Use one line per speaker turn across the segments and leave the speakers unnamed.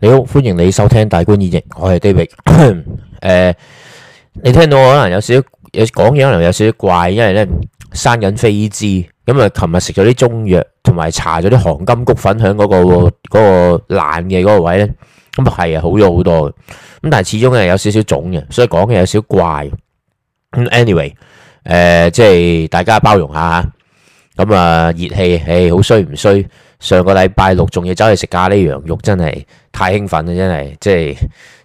你好，歡迎你收聽大觀演繹，我係 David。誒，你聽到我可能有少少，有講嘢，可能有少少怪，因為咧生緊飛滋咁啊。琴日食咗啲中藥，同埋搽咗啲黃金菊粉喺嗰個嗰個爛嘅嗰個位咧，咁啊係啊，好咗好多嘅。咁但係始終係有少少腫嘅，所以講嘅有少少怪。咁 anyway，誒，即係大家包容下吓。咁啊，熱氣係好衰唔衰？上個禮拜六仲要走去食咖喱羊肉，真係太興奮啦！真係即係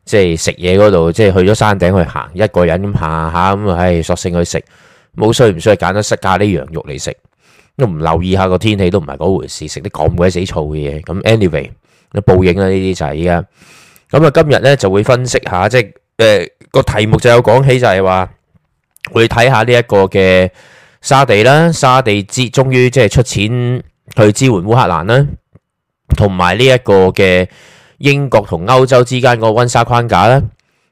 即係食嘢嗰度，即係去咗山頂去行，一個人咁行下咁啊，唉，索性去食，冇需唔需要揀得食咖喱羊肉嚟食，都唔留意下個天氣都唔係嗰回事，食啲咁鬼死燥嘅嘢。咁 anyway，都報應啦呢啲就係而家！咁啊今日咧，就會分析下，即係誒個題目就有講起就係話會睇下呢一個嘅沙地啦，沙地之終於即係出錢。去支援烏克蘭啦，同埋呢一個嘅英國同歐洲之間個溫莎框架咧，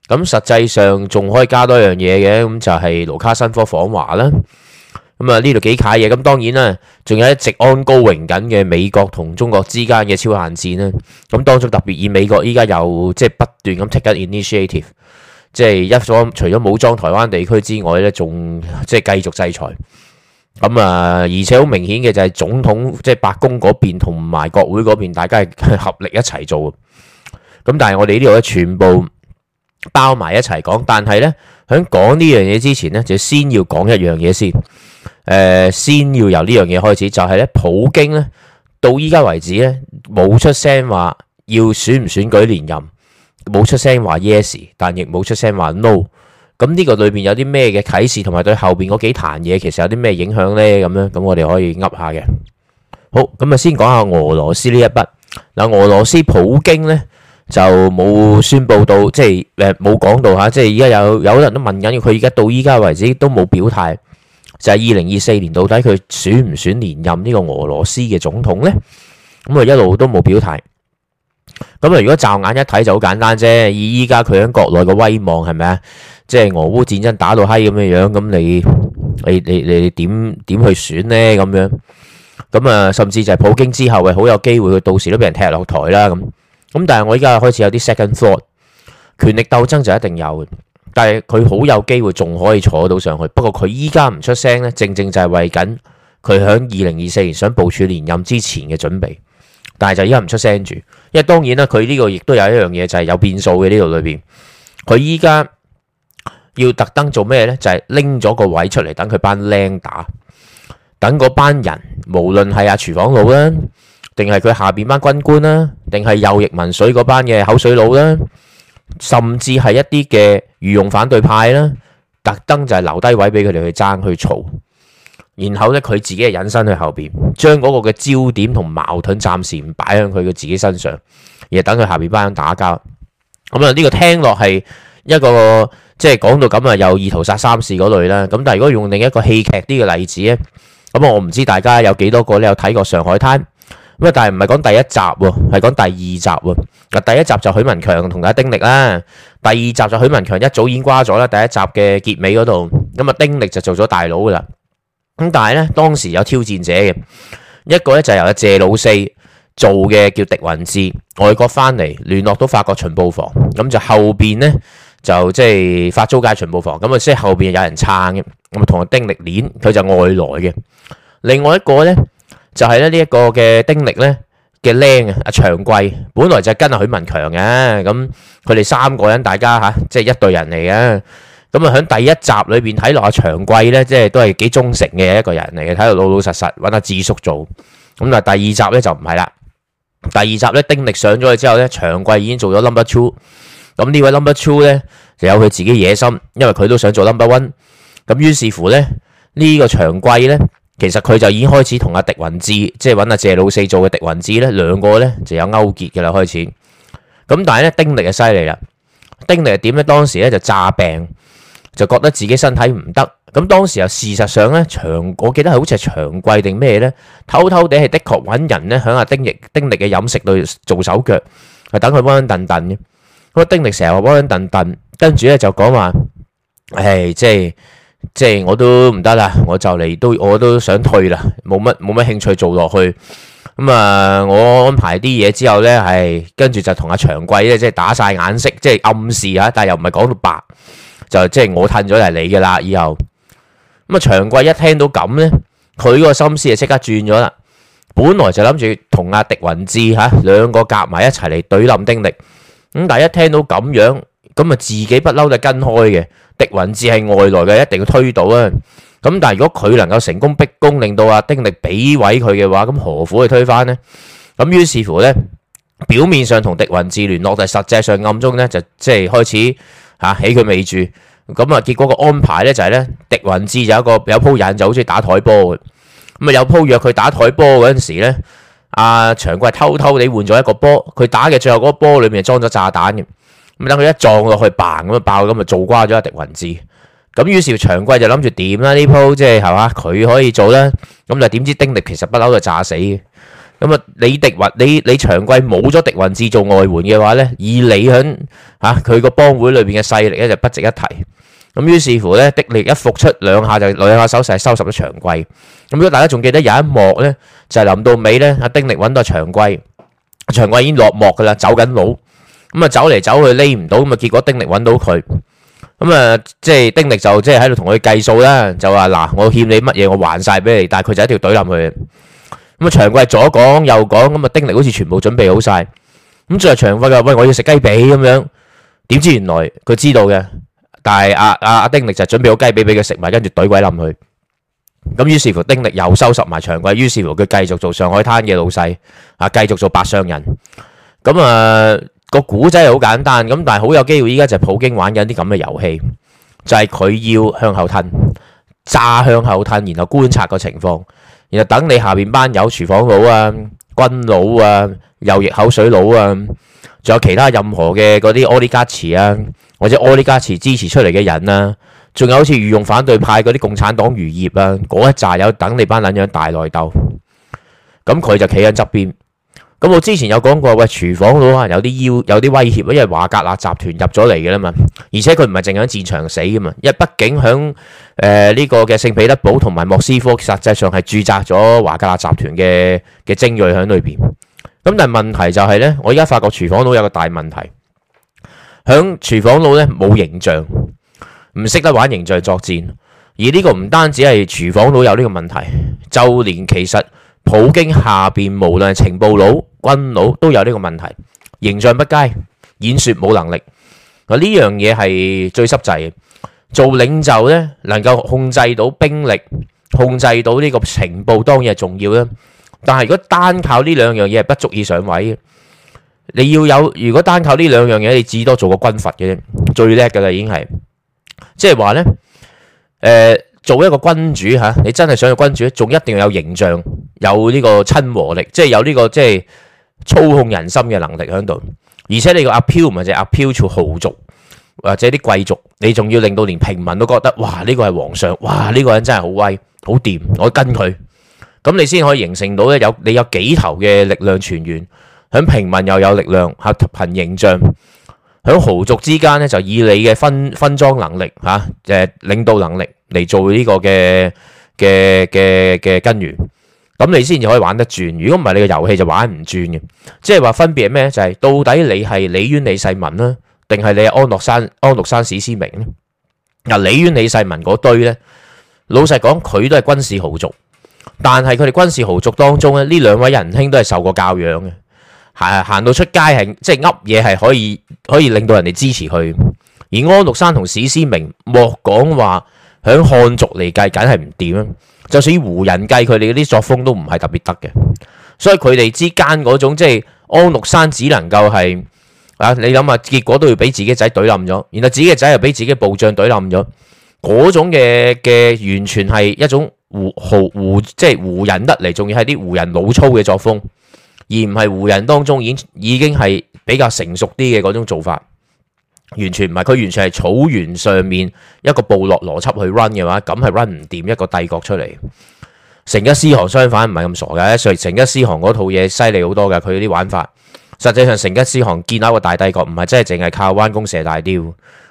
咁實際上仲可以加多樣嘢嘅，咁就係盧卡申科訪華啦。咁啊，呢度幾卡嘢，咁當然啦，仲有一直安高榮緊嘅美國同中國之間嘅超限戰啦。咁當中特別以美國依家又即係不斷咁 take 緊 initiative，即係一方除咗武裝台灣地區之外咧，仲即係繼續制裁。咁啊，而且好明顯嘅就係總統即係白宮嗰邊同埋國會嗰邊，大家係合力一齊做。咁但係我哋呢度呢全部包埋一齊講。但係呢，喺講呢樣嘢之前呢，就先要講一樣嘢先。誒，先要由呢樣嘢開始，就係呢，普京呢到依家為止呢，冇出聲話要選唔選舉連任，冇出聲話 yes，但亦冇出聲話 no。咁呢個裏面，有啲咩嘅啟示，同埋對後邊嗰幾壇嘢，其實有啲咩影響咧？咁樣咁，我哋可以噏下嘅好。咁啊，先講下俄羅斯呢一筆嗱，俄羅斯普京咧就冇宣布到，即係誒冇講到吓，即係而家有有人都問緊佢，而家到依家為止都冇表態，就係二零二四年到底佢選唔選連任呢個俄羅斯嘅總統咧？咁啊，一路都冇表態。咁啊，如果驟眼一睇就好簡單啫，以依家佢喺國內嘅威望係咪啊？即係俄烏戰爭打到閪咁嘅樣，咁你你你你點點去選呢？咁樣咁啊，甚至就係普京之後，係好有機會佢到時都俾人踢落台啦咁。咁但係我依家開始有啲 second thought，權力鬥爭就一定有嘅，但係佢好有機會仲可以坐到上去。不過佢依家唔出聲咧，正正就係為緊佢響二零二四年想部署連任之前嘅準備。但係就依家唔出聲住，因為當然啦，佢呢個亦都有一樣嘢就係有變數嘅呢度裏邊，佢依家。要特登做咩呢？就係拎咗個位出嚟，等佢班靚打，等嗰班人，無論係阿廚房佬啦，定係佢下邊班軍官啦，定係右翼民粹嗰班嘅口水佬啦，甚至係一啲嘅御用反對派啦，特登就係留低位俾佢哋去爭去嘈，然後呢佢自己係隱身去後邊，將嗰個嘅焦點同矛盾暫時唔擺喺佢嘅自己身上，而係等佢下邊班人打交。咁啊呢個聽落係。一個即係講到咁啊，有二桃殺三士嗰類啦。咁但係如果用另一個戲劇啲嘅例子咧，咁我唔知大家有幾多個咧有睇過《上海灘》喂，但係唔係講第一集喎，係講第二集喎。嗱，第一集就許文強同佢丁力啦，第二集就許文強一早已經瓜咗啦。第一集嘅結尾嗰度咁啊，丁力就做咗大佬噶啦。咁但係咧，當時有挑戰者嘅一個咧，就由阿謝老四做嘅叫狄雲志，外國翻嚟聯絡到法國巡捕房，咁就後邊咧。就即係法租界巡捕房，咁啊，即係後邊有人撐嘅，咁啊，同阿丁力連，佢就外來嘅。另外一個咧，就係咧呢一個嘅丁力咧嘅靚啊，阿長貴，本來就係跟阿許文強嘅，咁佢哋三個人，大家吓，即係一隊人嚟嘅。咁啊，喺第一集裏邊睇落，阿長貴咧，即係都係幾忠誠嘅一個人嚟嘅，睇到老老實實揾阿智叔做。咁啊，第二集咧就唔係啦。第二集咧，丁力上咗去之後咧，長貴已經做咗 number two。咁呢位 Number Two 咧就有佢自己野心，因為佢都想做 Number One。咁於是乎咧呢個長貴咧，其實佢就已經開始同阿狄云志，即係搵阿謝老四做嘅狄云志咧，兩個咧就有勾結嘅啦。開始咁，但係咧丁力就犀利啦。丁力係點咧？當時咧就詐病，就覺得自己身體唔得。咁當時又事實上咧長，我記得係好似係長貴定咩咧，偷偷地係的確搵人咧響阿丁力丁力嘅飲食度做手腳，係等佢昏昏頓頓嘅。咁啊，丁力成日話溫溫頓頓，跟住咧就講話，唉，即係即係我都唔得啦，我就嚟，都我都想退啦，冇乜冇乜興趣做落去。咁啊，我安排啲嘢之後咧，係跟住就同阿長貴咧，即係打晒眼色，即係暗示吓，但係又唔係講到白，就即係我褪咗就係你噶啦。以後咁啊，長貴一聽到咁咧，佢個心思就即刻轉咗啦。本來就諗住同阿狄雲志吓兩個夾埋一齊嚟對冧丁力。咁但係一聽到咁樣，咁啊自己不嬲就跟開嘅。狄雲志係外來嘅，一定要推倒啊！咁但係如果佢能夠成功逼宮，令到阿丁力俾位佢嘅話，咁何苦去推翻呢？咁於是乎咧，表面上同狄雲志聯絡，但係實際上暗中咧就即係開始嚇起佢尾住。咁啊，結果個安排咧就係咧，狄雲志就有一個有鋪癮就好似打台波咁。咁啊，有鋪約佢打台波嗰陣時咧。阿長貴偷偷地換咗一個波，佢打嘅最後嗰個波裏面就裝咗炸彈嘅，咁、嗯、等佢一撞落去，嘭咁就爆，咁就做瓜咗狄雲志，咁於是長貴就諗住點啦？呢鋪即係係嘛，佢可以做啦，咁就係點知丁力其實不嬲就炸死嘅，咁啊李迪雲，你你，你長貴冇咗狄雲志做外援嘅話咧，以你響吓佢個幫會裏邊嘅勢力咧就不值一提。咁於是乎咧，丁力一復出兩下就兩下手勢收拾咗長貴。咁如果大家仲記得有一幕咧，就係臨到尾咧，阿丁力揾到阿長貴，長貴已經落幕噶啦，走緊路，咁啊走嚟走去匿唔到，咁啊結果丁力揾到佢，咁啊即係丁力就即係喺度同佢計數啦，就話嗱我欠你乜嘢我還晒俾你，但係佢就一條懟冧佢。咁啊長貴係左講右講，咁啊丁力好似全部準備好晒，咁最後長貴話喂我要食雞髀咁樣，點知原來佢知道嘅。但係阿阿阿丁力就準備好雞髀俾佢食埋，跟住懟鬼冧佢。咁於是乎，丁力又收拾埋長貴。於是乎，佢繼續做上海灘嘅老細，啊，繼續做白商人。咁啊，個古仔係好簡單，咁但係好有機會，依家就普京玩緊啲咁嘅遊戲，就係、是、佢要向後吞，詐向後吞，然後觀察個情況，然後等你下邊班友廚房佬啊、軍佬啊、右翼口水佬啊，仲有其他任何嘅嗰啲 oligarch 啊。或者奧利加持支持出嚟嘅人啦、啊，仲有好似御用反對派嗰啲共產黨餘孽啊，嗰一紮有等你班撚樣大內鬥，咁佢就企喺側邊。咁我之前有講過，喂，廚房佬啊，有啲要，有啲威脅，因為華格納集團入咗嚟嘅啦嘛，而且佢唔係淨喺戰場死嘅嘛，因為畢竟響誒呢個嘅聖彼得堡同埋莫斯科，實際上係駐紮咗華格納集團嘅嘅精鋭喺裏邊。咁但係問題就係呢，我而家發覺廚房佬有個大問題。響廚房佬咧冇形象，唔識得玩形象作戰。而呢個唔單止係廚房佬有呢個問題，就連其實普京下邊無論係情報佬、軍佬都有呢個問題，形象不佳，演說冇能力。嗱呢樣嘢係最濕滯嘅。做領袖咧，能夠控制到兵力，控制到呢個情報當然係重要啦。但係如果單靠呢兩樣嘢係不足以上位嘅。你要有，如果單靠呢兩樣嘢，你至多做個軍閥嘅啫，最叻嘅啦，已經係，即係話呢，誒、呃，做一個君主吓，你真係想做君主，仲一定要有形象，有呢個親和力，即係有呢、這個即係操控人心嘅能力喺度，而且你個阿飄唔係只阿飄朝豪族或者啲貴族，你仲要令到連平民都覺得，哇，呢、這個係皇上，哇，呢、這個人真係好威，好掂，我跟佢，咁你先可以形成到咧有你有幾頭嘅力量泉源。喺平民又有力量嚇憑形象，喺豪族之間咧就以你嘅分分裝能力嚇誒領導能力嚟做呢個嘅嘅嘅嘅根源，咁你先至可以玩得轉。如果唔係，你個遊戲就玩唔轉嘅。即係話分別咩？就係到底你係李淵李世民啦，定係你係安祿山安祿山史思明咧？嗱，李淵李世民嗰堆咧，老實講佢都係軍事豪族，但係佢哋軍事豪族當中咧，呢兩位仁兄都係受過教養嘅。行行到出街係即係噏嘢係可以可以令到人哋支持佢，而安祿山同史思明，莫講話響漢族嚟計，梗係唔掂。就算於胡人計，佢哋啲作風都唔係特別得嘅。所以佢哋之間嗰種即係安祿山只能夠係啊，你諗下結果都要俾自己仔懟冧咗，然後自己嘅仔又俾自己嘅部將懟冧咗，嗰種嘅嘅完全係一種胡胡胡即係胡人得嚟，仲要係啲胡人老粗嘅作風。而唔係胡人當中已經已經係比較成熟啲嘅嗰種做法，完全唔係佢完全係草原上面一個部落邏輯去 run 嘅話，咁係 run 唔掂一個帝國出嚟。成吉思汗相反唔係咁傻嘅，所以成吉思汗嗰套嘢犀利好多嘅，佢啲玩法實際上成吉思汗建立一個大帝國唔係真係淨係靠彎弓射大雕，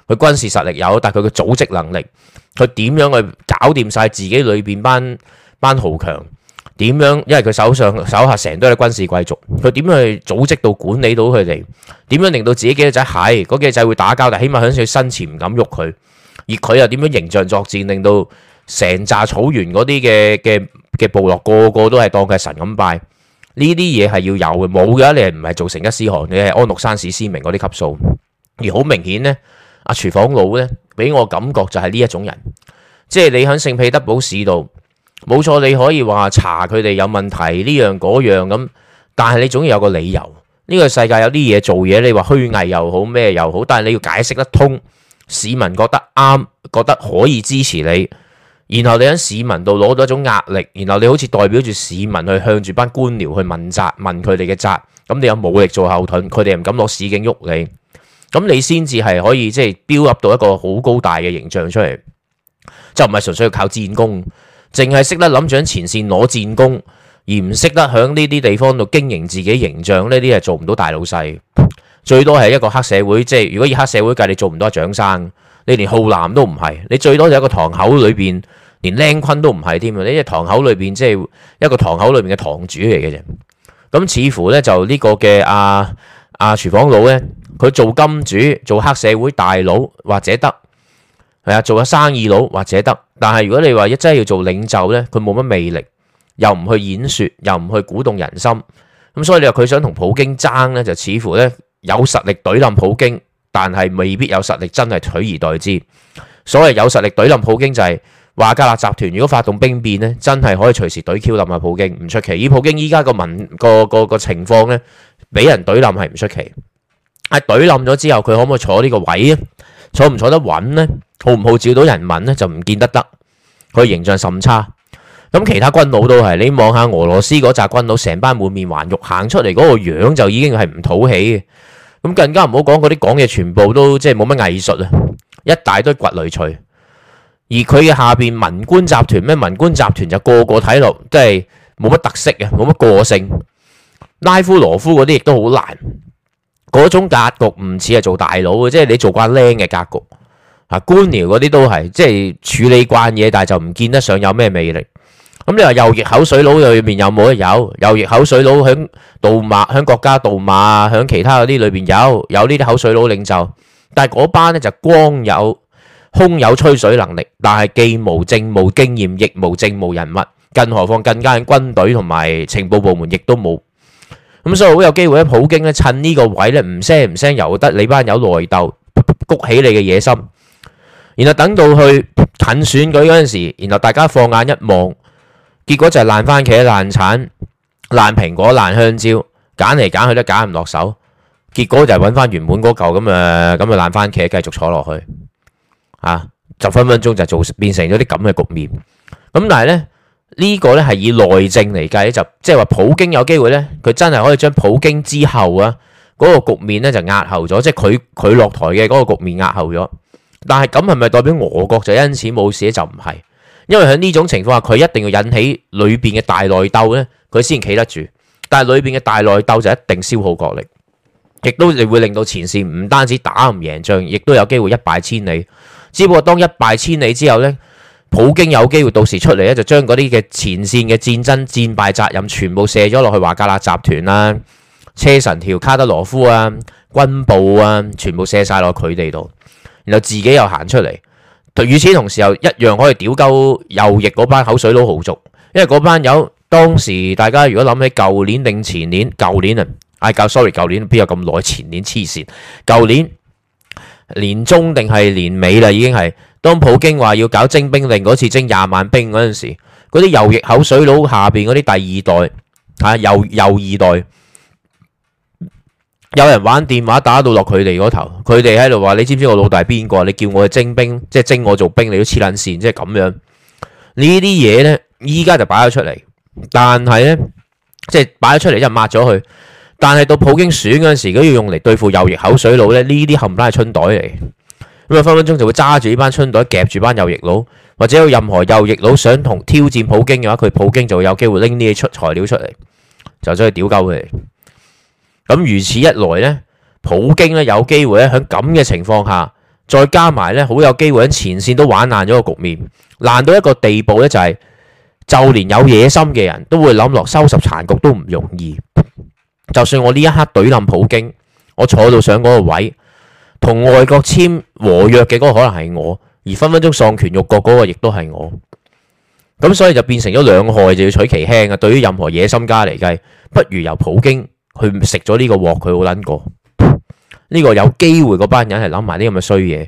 佢軍事實力有，但係佢嘅組織能力，佢點樣去搞掂晒自己裏邊班班豪強？點樣？因為佢手上手下成堆都係軍事貴族，佢點去組織到管理到佢哋？點樣令到自己幾個仔係嗰幾個仔會打交？但起碼響佢身前唔敢喐佢，而佢又點樣形象作戰，令到成扎草原嗰啲嘅嘅嘅部落個個都係當佢神咁拜？呢啲嘢係要有嘅，冇嘅你係唔係做成吉思汗，你係安禄山史思明嗰啲級數。而好明顯呢，阿廚房佬呢俾我感覺就係呢一種人，即係你響聖彼得堡市度。冇錯，你可以話查佢哋有問題呢樣嗰樣咁，但係你總要有個理由。呢個世界有啲嘢做嘢，你話虛偽又好咩又好，但係你要解釋得通，市民覺得啱，覺得可以支持你，然後你喺市民度攞到一種壓力，然後你好似代表住市民去向住班官僚去問責，問佢哋嘅責，咁你有武力做後盾，佢哋唔敢攞市警喐你，咁你先至係可以即係 build up 到一個好高大嘅形象出嚟，就唔係純粹要靠戰功。淨係識得諗住喺前線攞戰功，而唔識得喺呢啲地方度經營自己形象，呢啲係做唔到大老細。最多係一個黑社會，即係如果以黑社會計，你做唔到阿蔣生，你連浩南都唔係，你最多就係一個堂口裏邊，連靚坤都唔係添啊！你只堂口裏邊，即係一個堂口裏面嘅堂，堂，堂主嚟嘅啫。咁似乎呢就呢個嘅阿阿廚房佬呢，佢做金主，做黑社會大佬或者得。係啊，做下生意佬或者得，但係如果你話一真係要做領袖咧，佢冇乜魅力，又唔去演說，又唔去鼓動人心，咁所以你話佢想同普京爭咧，就似乎咧有實力懟冧普京，但係未必有實力真係取而代之。所謂有實力懟冧普京就係瓦格納集團如果發動兵變咧，真係可以隨時懟 Q 冧阿普京，唔出奇。而普京依家個民個個個情況咧，俾人懟冧係唔出奇。阿懟冧咗之後，佢可唔可以坐呢個位啊？坐唔坐得穩呢？好唔好號召到人民呢？就唔見得得。佢形象甚差。咁其他軍佬都係，你望下俄羅斯嗰紮軍佬，成班滿面橫肉行出嚟嗰個樣就已經係唔討喜嘅。咁更加唔好講嗰啲講嘢全部都即係冇乜藝術啊，一大堆掘雷錘。而佢嘅下邊文官集團咩？文官集團就個個睇落即係冇乜特色嘅，冇乜個性。拉夫羅夫嗰啲亦都好難。嗰種格局唔似係做大佬嘅，即係你做慣靚嘅格局啊，官僚嗰啲都係，即係處理慣嘢，但係就唔見得上有咩魅力。咁你話右翼口水佬裏面有冇得？有右翼口水佬響杜馬響國家杜馬，響其他嗰啲裏面有有呢啲口水佬領袖，但係嗰班呢就光有空有吹水能力，但係既冇政務經驗，亦冇政務人物，更何況更加係軍隊同埋情報部門亦都冇。咁所以好有機會咧，普京咧趁呢個位咧唔聲唔聲，由得你班友內鬥，谷起你嘅野心，然後等到去近選舉嗰陣時，然後大家放眼一望，結果就係爛番茄、爛橙、爛蘋果、爛香蕉，揀嚟揀去都揀唔落手，結果就係揾翻原本嗰嚿咁嘅咁嘅爛番茄繼續坐落去，啊，就分分鐘就做變成咗啲咁嘅局面。咁但係咧。呢個咧係以內政嚟計，就即係話普京有機會呢，佢真係可以將普京之後啊嗰個局面呢就壓後咗，即係佢佢落台嘅嗰個局面壓後咗。但係咁係咪代表俄國就因此冇事咧？就唔係，因為喺呢種情況下，佢一定要引起裏邊嘅大內鬥呢，佢先企得住。但係裏邊嘅大內鬥就一定消耗國力，亦都會令到前線唔單止打唔贏仗，亦都有機會一敗千里。只不過當一敗千里之後呢。普京有機會到時出嚟咧，就將嗰啲嘅前線嘅戰爭戰敗責任全部卸咗落去華格納集團啦、車神車臣條卡德羅夫啊、軍部啊，全部卸晒落佢哋度，然後自己又行出嚟。與此同時又一樣可以屌鳩右翼嗰班口水佬豪族，因為嗰班友當時大家如果諗起舊年定前年，舊年啊，哎教 sorry，舊年邊有咁耐，前年黐線，舊年年中定係年尾啦，已經係。當普京話要搞徵兵令嗰次徵廿萬兵嗰陣時，嗰啲右翼口水佬下邊嗰啲第二代啊，右右二代，有人玩電話打到落佢哋嗰頭，佢哋喺度話：你知唔知我老大係邊個啊？你叫我去徵兵，即係徵我做兵，你都黐撚線，即係咁樣。呢啲嘢呢，依家就擺咗出嚟，但係呢，即係擺咗出嚟就抹咗佢。但係到普京選嗰陣時，如果要用嚟對付右翼口水佬咧，呢啲冚唪唥係春袋嚟。咁啊，分分鐘就會揸住呢班春袋，夾住班右翼佬，或者有任何右翼佬想同挑戰普京嘅話，佢普京就會有機會拎呢啲出材料出嚟，就將佢屌鳩佢。咁如此一來呢，普京呢有機會咧，喺咁嘅情況下，再加埋呢，好有機會喺前線都玩爛咗個局面，爛到一個地步呢，就是，就係就連有野心嘅人都會諗落收拾殘局都唔容易。就算我呢一刻懟冧普京，我坐到上嗰個位。同外國簽和約嘅嗰個可能係我，而分分鐘喪權辱國嗰個亦都係我，咁所以就變成咗兩害就要取其輕啊！對於任何野心家嚟計，不如由普京去食咗呢個鑊，佢好撚過。呢、這個有機會嗰班人係諗埋呢咁嘅衰嘢，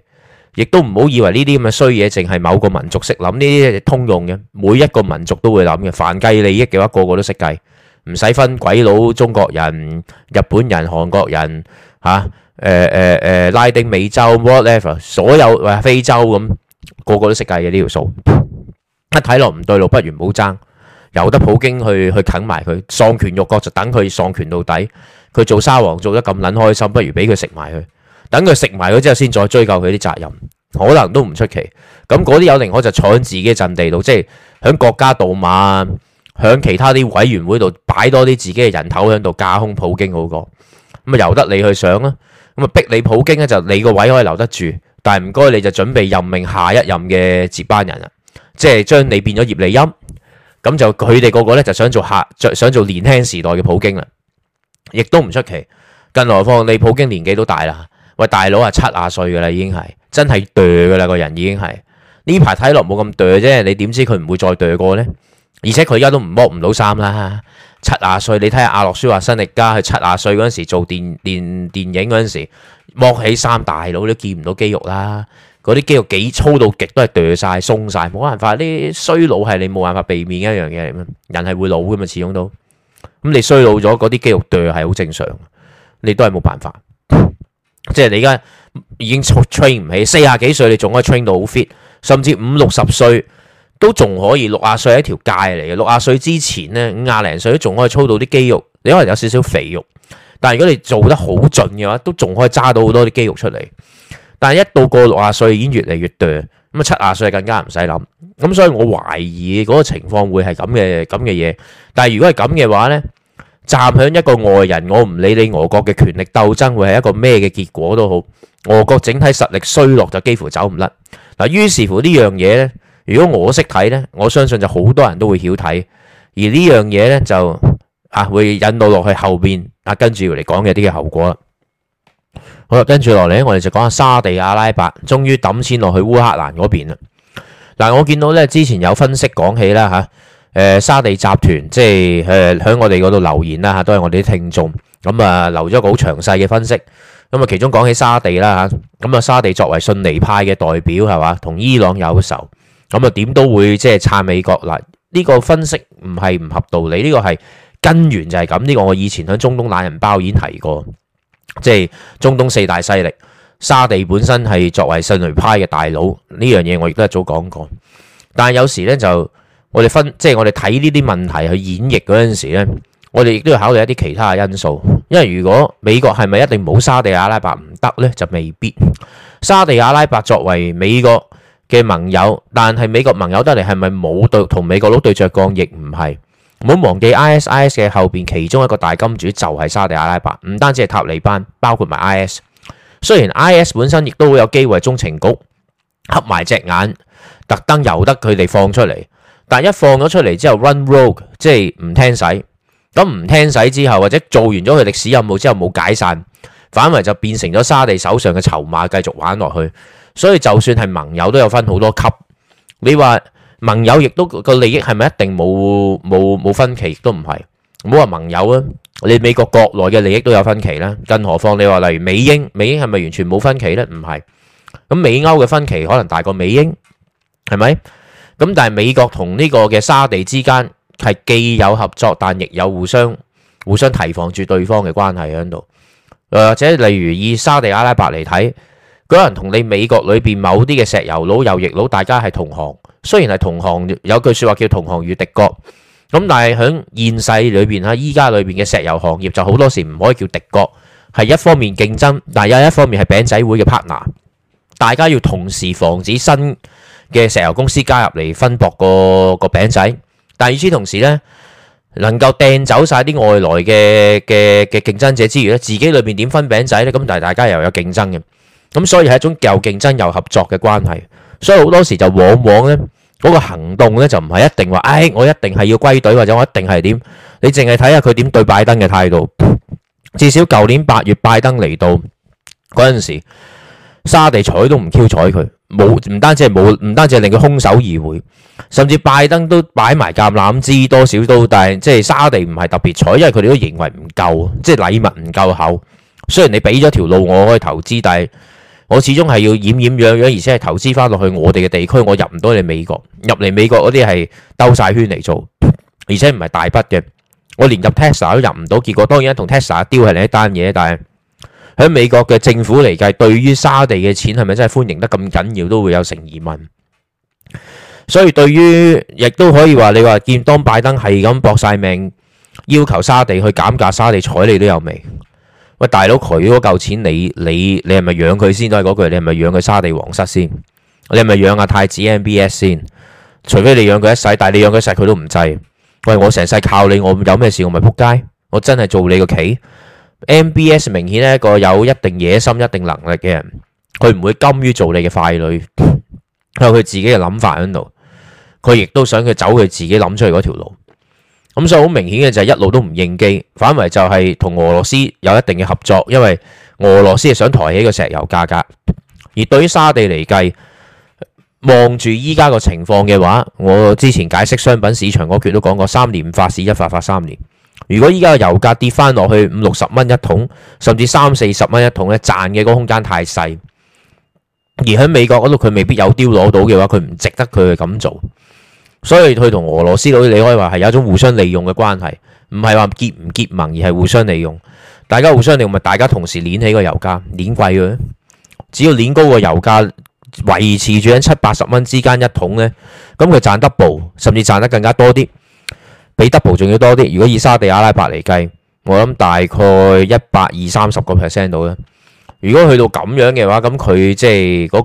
亦都唔好以為呢啲咁嘅衰嘢淨係某個民族識諗，呢啲通用嘅，每一個民族都會諗嘅。凡計利益嘅話，個個都識計，唔使分鬼佬、中國人、日本人、韓國人，吓、啊。誒誒誒，拉丁美洲 whatever，所有或者非洲咁，個個都識計嘅呢條數。一睇落唔對路，不如唔好爭，由得普京去去啃埋佢。喪權辱國就等佢喪權到底，佢做沙皇做得咁捻開心，不如俾佢食埋佢。等佢食埋咗之後，先再追究佢啲責任，可能都唔出奇。咁嗰啲友寧可就坐喺自己嘅陣地度，即係響國家杜馬啊，響其他啲委員會度擺多啲自己嘅人頭響度架空普京好過。咁啊，由得你去想啦。咁啊，逼你普京咧，就你個位可以留得住，但係唔該你就準備任命下一任嘅接班人啦，即係將你變咗葉利欽，咁就佢哋個個咧就想做下着想做年輕時代嘅普京啦，亦都唔出奇。更何況你普京年紀都大啦，喂大佬啊七啊歲噶啦已經係，真係嗲噶啦個人已經係。呢排睇落冇咁嗲啫，你點知佢唔會再嗲過呢？而且佢而家都唔剝唔到衫啦。七啊歲，你睇下阿諾舒華辛力加，佢七啊歲嗰陣時做電電電影嗰陣時，摸起三大佬都見唔到肌肉啦。嗰啲肌肉幾粗到極都係墜晒，鬆晒，冇辦法啲衰老係你冇辦法避免一樣嘢嚟咩？人係會老噶嘛，始終都咁你衰老咗嗰啲肌肉墜係好正常，你都係冇辦法。 即係你而家已經 train 唔起，四啊幾歲你仲可以 train 到好 fit，甚至五六十歲。都仲可以，六十歲係一條界嚟嘅。六十歲之前咧，五十零歲仲可以操到啲肌肉，你可能有少少肥肉，但係如果你做得好盡嘅話，都仲可以揸到好多啲肌肉出嚟。但係一到過六十歲已經越嚟越㗎，咁啊七十歲更加唔使諗。咁所以我懷疑嗰個情況會係咁嘅咁嘅嘢。但係如果係咁嘅話咧，站響一個外人，我唔理你俄國嘅權力鬥爭會係一個咩嘅結果都好，俄國整體實力衰落就幾乎走唔甩嗱。於是乎呢樣嘢咧。如果我識睇呢，我相信就好多人都會曉睇。而呢樣嘢呢，就啊，會引到落去後邊啊，跟住嚟講嘅啲嘅後果啦。好啦，跟住落嚟我哋就講下沙地阿拉伯終於抌錢落去烏克蘭嗰邊啦。嗱，我見到呢之前有分析講起啦嚇，誒沙地集團即係誒喺我哋嗰度留言啦嚇，都係我哋啲聽眾咁啊，留咗個好詳細嘅分析咁啊，其中講起沙地啦嚇，咁啊沙地作為遜尼派嘅代表係嘛，同伊朗有仇。咁啊，點都會即係撐美國嗱？呢個分析唔係唔合道理，呢個係根源就係咁。呢個我以前喺中東懶人包已經提過，即係中東四大勢力，沙地本身係作為遜尼派嘅大佬，呢樣嘢我亦都一早講過。但係有時呢，就我哋分，即係我哋睇呢啲問題去演繹嗰陣時咧，我哋亦都要考慮一啲其他嘅因素。因為如果美國係咪一定冇沙地阿拉伯唔得呢，就未必。沙地阿拉伯作為美國。嘅盟友，但係美國盟友得嚟係咪冇對同美國佬對着幹？亦唔係，唔好忘記 ISIS 嘅 IS 後邊其中一個大金主就係沙地阿拉伯，唔單止係塔利班，包括埋 IS。雖然 IS 本身亦都會有機會係中情局合埋隻眼，特登由得佢哋放出嚟，但一放咗出嚟之後 run rogue，即係唔聽使，咁唔聽使之後或者做完咗佢歷史任務之後冇解散，反為就變成咗沙地手上嘅籌碼，繼續玩落去。所以就算係盟友都有分好多級，你話盟友亦都個利益係咪一定冇冇冇分歧？亦都唔係，唔好話盟友啊！你美國國內嘅利益都有分歧啦，更何況你話例如美英，美英係咪完全冇分歧呢？唔係，咁美歐嘅分歧可能大過美英，係咪？咁但係美國同呢個嘅沙地之間係既有合作，但亦有互相互相提防住對方嘅關係喺度。或者例如以沙地阿拉伯嚟睇。嗰人同你美國裏邊某啲嘅石油佬、油液佬，大家係同行。雖然係同行，有句説話叫同行如敵國。咁但係喺現世裏邊啦，依家裏邊嘅石油行業就好多時唔可以叫敵國，係一方面競爭，但係有一方面係餅仔會嘅 partner。大家要同時防止新嘅石油公司加入嚟分薄個個餅仔。但係與此同時咧，能夠掟走曬啲外來嘅嘅嘅競爭者之餘咧，自己裏邊點分餅仔咧？咁但係大家又有競爭嘅。咁所以係一種又競爭又合作嘅關係，所以好多時就往往呢嗰個行動呢，就唔係一定話、哎，誒我一定係要歸隊或者我一定係點？你淨係睇下佢點對拜登嘅態度。至少舊年八月拜登嚟到嗰陣時，沙地睬都唔 Q 睬佢，冇唔單止係冇，唔單止係令佢空手而回，甚至拜登都擺埋橄欖枝多少都，但係即係沙地唔係特別睬，因為佢哋都認為唔夠，即係禮物唔夠厚。雖然你俾咗條路我可以投資，但係。我始終係要掩掩樣樣，而且係投資翻落去我哋嘅地區。我入唔到你美國，入嚟美國嗰啲係兜晒圈，嚟做，而且唔係大筆嘅。我連入 Tesla 都入唔到，結果當然同 Tesla 丟係另一單嘢。但係喺美國嘅政府嚟計，對於沙地嘅錢係咪真係歡迎得咁緊要，都會有成疑問。所以對於亦都可以話，你話見當拜登係咁搏晒命，要求沙地去減價，沙地睬你都有味。喂，大佬佢嗰嚿錢，你你你係咪養佢先？都係嗰句，你係咪養佢沙地皇室先？你係咪養阿太子 MBS 先？除非你養佢一世，但係你養佢一世佢都唔制。喂，我成世靠你，我有咩事我咪撲街。我真係做你個棋。MBS 明顯係一個有一定野心、一定能力嘅人，佢唔會甘於做你嘅傀儡。 佢有佢自己嘅諗法喺度。佢亦都想佢走佢自己諗出嚟嗰條路。咁所以好明顯嘅就係一路都唔應機，反為就係同俄羅斯有一定嘅合作，因為俄羅斯係想抬起個石油價格。而對於沙地嚟計，望住依家個情況嘅話，我之前解釋商品市場嗰橛都講過，三年唔發市一發發三年。如果依家個油價跌翻落去五六十蚊一桶，甚至三四十蚊一桶咧，賺嘅嗰個空間太細，而喺美國嗰度佢未必有丟攞到嘅話，佢唔值得佢去咁做。所以佢同俄羅斯佬，你可以話係有一種互相利用嘅關係，唔係話結唔結盟，而係互相利用。大家互相利用咪大家同時攣起個油價，攣貴嘅。只要攣高個油價，維持住喺七八十蚊之間一桶呢，咁佢賺 double，甚至賺得更加多啲，比 double 仲要多啲。如果以沙地阿拉伯嚟計，我諗大概一百二三十個 percent 到啦。如果去到咁樣嘅話，咁佢即係嗰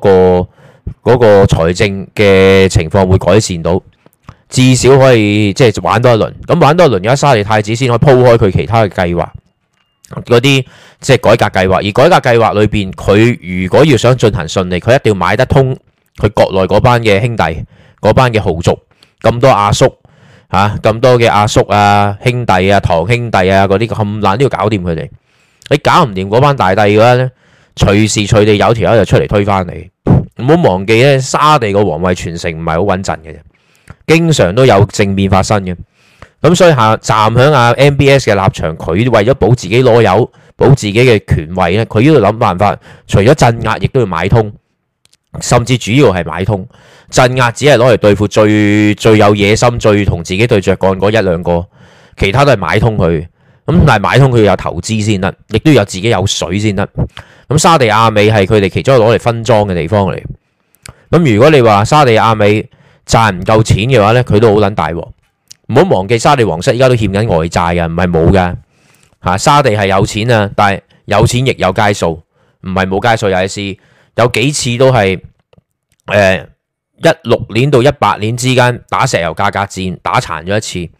個嗰個財政嘅情況會改善到。至少可以即係玩多一輪，咁玩多一輪，而家沙地太子先可以鋪開佢其他嘅計劃，嗰啲即係改革計劃。而改革計劃裏邊，佢如果要想進行順利，佢一定要買得通佢國內嗰班嘅兄弟、嗰班嘅豪族，咁多阿叔嚇，咁、啊、多嘅阿叔啊、兄弟啊、堂兄弟啊嗰啲冚唥都要搞掂佢哋。你搞唔掂嗰班大帝嘅話咧，隨時隨地有條友就出嚟推翻你。唔好忘記咧，沙地個皇位傳承唔係好穩陣嘅啫。經常都有正面發生嘅，咁所以下站喺阿 MBS 嘅立場，佢為咗保自己攞油，保自己嘅權位咧，佢都要諗辦法，除咗鎮壓，亦都要買通，甚至主要係買通。鎮壓只係攞嚟對付最最有野心、最同自己對着幹嗰一兩個，其他都係買通佢。咁但係買通佢要有投資先得，亦都要有自己有水先得。咁沙地亞美係佢哋其中攞嚟分贓嘅地方嚟。咁如果你話沙地亞美，賺唔夠錢嘅話呢，佢都好捻大鑊。唔好忘記沙地皇室依家都欠緊外債噶，唔係冇噶。吓，沙地係有錢啊，但係有錢亦有街數，唔係冇街數。有啲事有幾次都係一六年到一八年之間打石油價格戰打殘咗一次。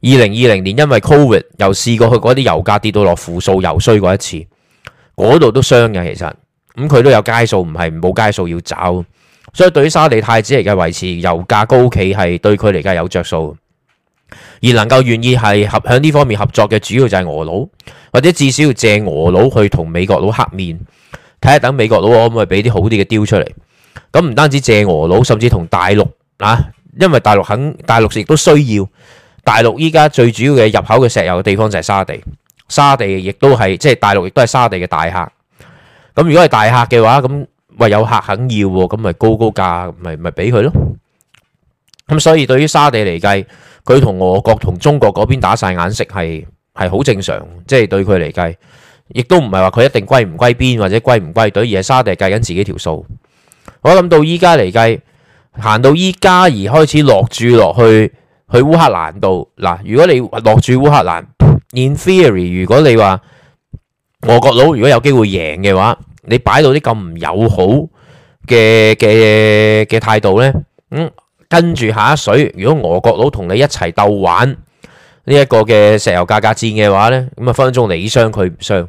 二零二零年因為 Covid 又試過去嗰啲油價跌到落負數，又衰過一次。嗰度都傷嘅，其實咁佢都有街數，唔係冇街數要找。所以對於沙地太子嚟嘅維持，油價高企係對佢嚟嘅有着數，而能夠願意係合向呢方面合作嘅主要就係俄佬，或者至少要借俄佬去同美國佬黑面，睇下等美國佬可唔可以俾啲好啲嘅雕出嚟。咁唔單止借俄佬，甚至同大陸啊，因為大陸肯，大陸亦都需要，大陸依家最主要嘅入口嘅石油嘅地方就係沙地，沙地亦都係即係大陸亦都係沙地嘅大客。咁如果係大客嘅話，咁。喂，有客肯要喎，咁咪高高價，咪咪俾佢咯。咁所以，對於沙地嚟計，佢同俄國同中國嗰邊打晒眼色，係係好正常。即係對佢嚟計，亦都唔係話佢一定歸唔歸邊或者歸唔歸隊，而係沙地計緊自己條數。我諗到依家嚟計，行到依家而開始落注落去去烏克蘭度嗱。如果你落注烏克蘭，in theory，如果你話俄國佬如果有機會贏嘅話，你擺到啲咁唔友好嘅嘅嘅態度咧，咁跟住下一水，如果俄國佬同你一齊鬥玩呢一個嘅石油價格戰嘅話咧，咁啊分分鐘你傷佢唔傷。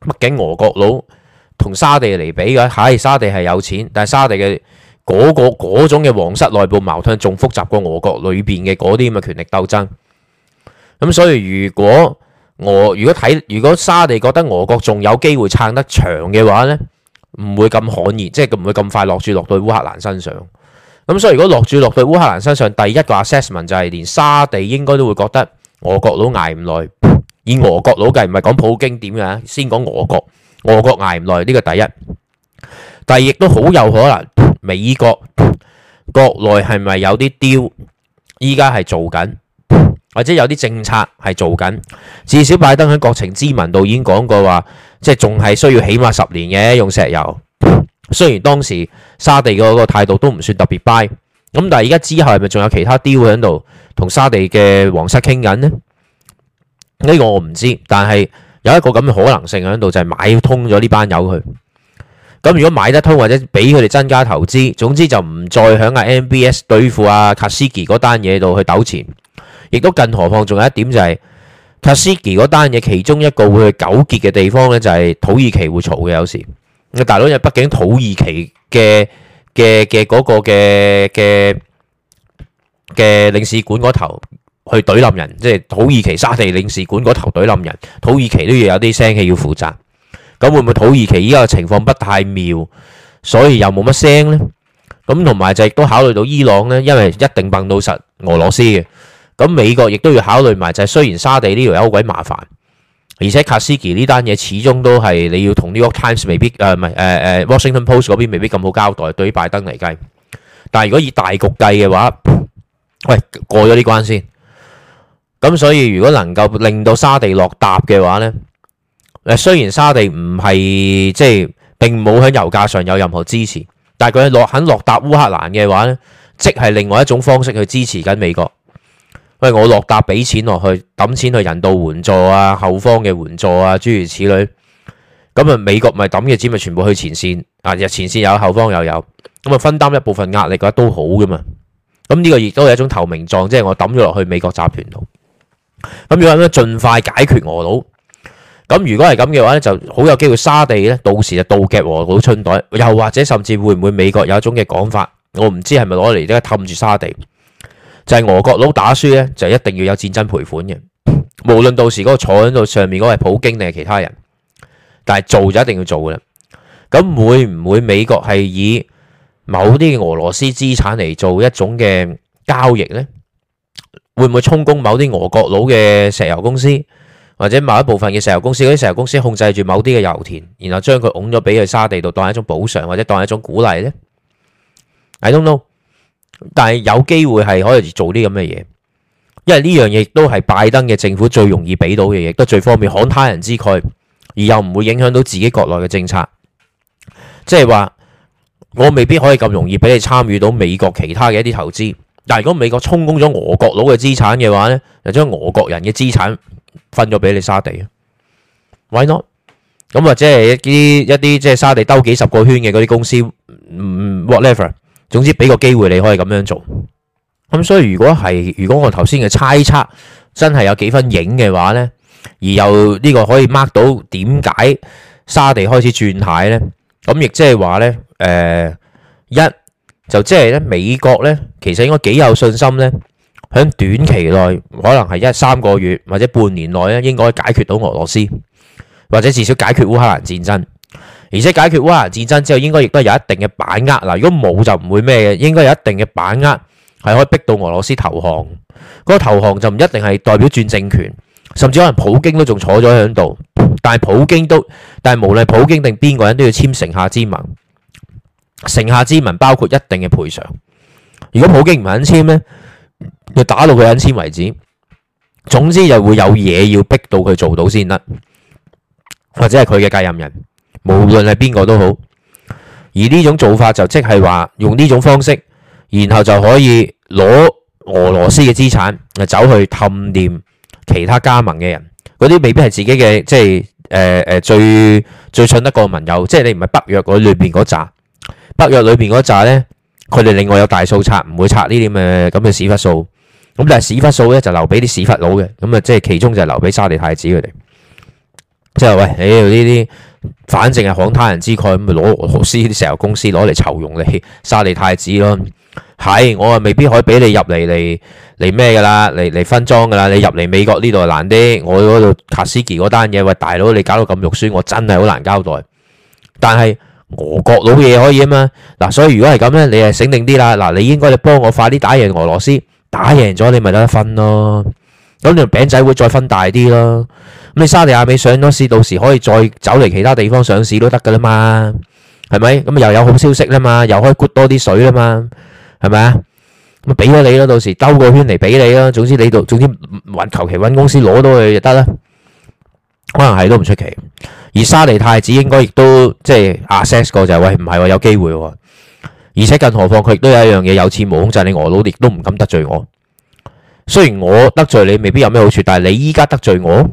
畢竟俄國佬同沙地嚟比嘅，唉、嗯，沙地係有錢，但係沙地嘅嗰，那個種嘅皇室內部矛盾仲複雜過俄國裏邊嘅嗰啲咁嘅權力鬥爭。咁所以如果我如果睇，如果沙地覺得俄國仲有機會撐得長嘅話呢，唔會咁罕言，即係佢唔會咁快落住落到烏克蘭身上。咁所以如果落住落到烏克蘭身上，第一個 assessment 就係連沙地應該都會覺得俄國佬挨唔耐。以俄國佬計，唔係講普京點嘅，先講俄國，俄國挨唔耐呢個第一。但係亦都好有可能美國國內係咪有啲刁？依家係做緊。或者有啲政策係做緊，至少拜登喺國情諮文度已經講過話，即係仲係需要起碼十年嘅用石油。雖然當時沙地嗰個態度都唔算特別 buy，咁但係而家之後係咪仲有其他 deal 喺度同沙地嘅皇室傾緊呢？呢、呢個我唔知，但係有一個咁嘅可能性喺度，就係、係、買通咗呢班友佢。咁如果買得通或者俾佢哋增加投資，總之就唔再響阿 MBS 對付阿卡斯基嗰單嘢度去糾纏。亦都，更何況仲有一點就係卡舒吉嗰單嘢，其中一個會去糾結嘅地方咧，就係土耳其會嘈嘅。有時，大佬，因為畢竟土耳其嘅嘅嘅嗰個嘅嘅嘅領事館嗰頭去隊冧人，即係土耳其沙地領事館嗰頭隊冧人，土耳其都要有啲聲氣要負責。咁會唔會土耳其依家嘅情況不太妙，所以又冇乜聲咧？咁同埋就亦都考慮到伊朗咧，因為一定掹到實俄羅斯嘅。咁美國亦都要考慮埋就係，雖然沙地呢度有好鬼麻煩，而且卡斯奇呢單嘢始終都係你要同 New York Times 未必誒唔係誒誒 Washington Post 嗰邊未必咁好交代。對於拜登嚟計，但係如果以大局計嘅話，喂過咗呢關先。咁所以如果能夠令到沙地落沓嘅話咧，誒雖然沙地唔係即係並冇喺油價上有任何支持，但係佢落肯落沓烏克蘭嘅話咧，即係另外一種方式去支持緊美國。喂，我落搭俾錢落去抌錢去人道援助啊，後方嘅援助啊，諸如此類。咁啊，美國咪抌嘅錢咪全部去前線啊，又前線又有後方又有，咁啊分擔一部分壓力嘅話都好噶嘛。咁呢個亦都係一種投名狀，即係我抌咗落去美國集團度。咁要諗一盡快解決俄佬。咁如果係咁嘅話咧，就好有機會沙地咧，到時就倒夾俄佬春袋，又或者甚至會唔會美國有一種嘅講法，我唔知係咪攞嚟而家氹住沙地。就係俄國佬打輸咧，就一定要有戰爭賠款嘅。無論到時嗰個坐喺度上面嗰個係普京定係其他人，但係做就一定要做嘅啦。咁會唔會美國係以某啲俄羅斯資產嚟,做一種嘅交易咧？會唔會充公某啲俄國佬嘅石油公司或者某一部分嘅石油公司？嗰啲石油公司控制住某啲嘅油田，然後將佢拱咗俾去沙地度當一種補償或者當一種鼓勵咧？I don't know。但係有機會係可以做啲咁嘅嘢，因為呢樣嘢都係拜登嘅政府最容易俾到嘅嘢，都最方便，慷他人之慨，而又唔會影響到自己國內嘅政策。即係話，我未必可以咁容易俾你參與到美國其他嘅一啲投資。但係如果美國充公咗俄國佬嘅資產嘅話呢，就將俄國人嘅資產分咗俾你沙地。Why not？咁啊，即係一啲一啲即係沙地兜幾十個圈嘅嗰啲公司、嗯、whatever。總之，俾個機會你可以咁樣做。咁、嗯、所以如，如果係如果我頭先嘅猜測真係有幾分影嘅話呢，而又呢個可以 mark 到點解沙地開始轉態呢？咁亦即係話呢，誒、呃、一就即係咧美國呢，其實應該幾有信心呢，響短期內可能係一三個月或者半年內咧，應該解決到俄羅斯，或者至少解決烏克蘭戰爭。而且解決烏克蘭戰爭之後，應該亦都有一定嘅把握嗱。如果冇就唔會咩嘅，應該有一定嘅把握係可以逼到俄羅斯投降。嗰個投降就唔一定係代表轉政權，甚至可能普京都仲坐咗喺度。但係普京都但係，無論普京定邊個人都要簽城下之盟，城下之盟包括一定嘅賠償。如果普京唔肯簽呢，要打到佢肯簽為止。總之就會有嘢要逼到佢做到先得，或者係佢嘅繼任人。無論係邊個都好，而呢種做法就即係話用呢種方式，然後就可以攞俄羅斯嘅資產嚟走去氹掂其他加盟嘅人，嗰啲未必係自己嘅，即係誒誒最最信得過盟友。即係你唔係北約嗰裏邊嗰扎，北約裏邊嗰扎咧，佢哋另外有大數拆，唔會拆呢啲咁嘅屎忽數。咁但係屎忽數咧就留俾啲屎忽佬嘅，咁啊即係其中就留俾沙地太子佢哋。即係，喂，你呢啲反正係慷他人之慨咁，咪攞俄羅斯啲石油公司攞嚟酬庸你，殺你太子咯。係我啊，未必可以俾你入嚟嚟嚟咩噶啦，嚟嚟分裝噶啦。你入嚟美國呢度難啲，我嗰度卡斯基嗰單嘢，喂，大佬你搞到咁肉酸，我真係好難交代。但係俄國老嘢可以啊嘛。嗱，所以如果係咁咧，你係醒定啲啦。嗱，你應該你幫我快啲打贏俄羅斯，打贏咗你咪得分咯。咁你條餅仔會再分大啲咯，咁你沙地亞美上咗市，到時可以再走嚟其他地方上市都得噶啦嘛，係咪？咁又有好消息啦嘛，又可以 good 多啲水啦嘛，係咪啊？咁啊俾咗你咯，到時兜個圈嚟俾你咯，總之你到總之還求其搵公司攞到佢就得啦，可能係都唔出奇。而沙地太子應該亦都即係 assess 過就係、是、喂唔係喎，有機會喎，而且更何況佢亦都有一樣嘢，有恃無恐，就是、你俄佬亦都唔敢得罪我。雖然我得罪你未必有咩好處，但係你依家得罪我，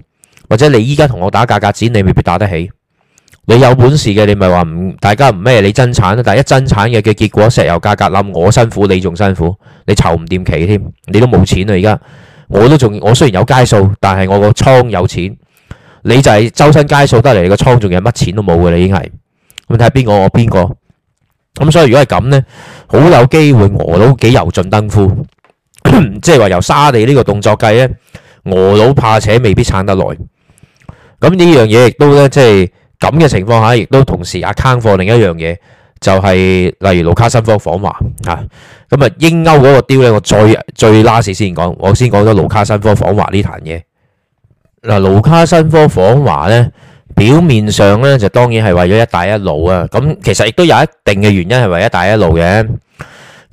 或者你依家同我打價格戰，你未必打得起。你有本事嘅，你咪話唔大家唔咩，你增產，但係一增產嘅嘅結果，石油價格冧，我辛苦你仲辛苦，你籌唔掂期添，你都冇錢啦。而家我都仲我雖然有街數，但係我個倉有錢，你就係周身街數得嚟，你個倉仲有乜錢都冇噶啦，你已經係。咁睇下邊個我邊個，咁所以如果係咁呢，好有機會我都幾油盡燈枯。即係話由沙地呢個動作計咧，俄佬怕且未必撐得耐。咁呢樣嘢亦都咧，即係咁嘅情況下，亦都同時 account for 另一樣嘢，就係例如盧卡申科訪華吓。咁啊，英歐嗰個 deal 咧，我再最 last 先講，我先講咗盧卡申科訪華呢壇嘢。嗱，盧卡申科訪華咧，表面上咧就當然係為咗一帶一路啊。咁其實亦都有一定嘅原因係為一帶一路嘅。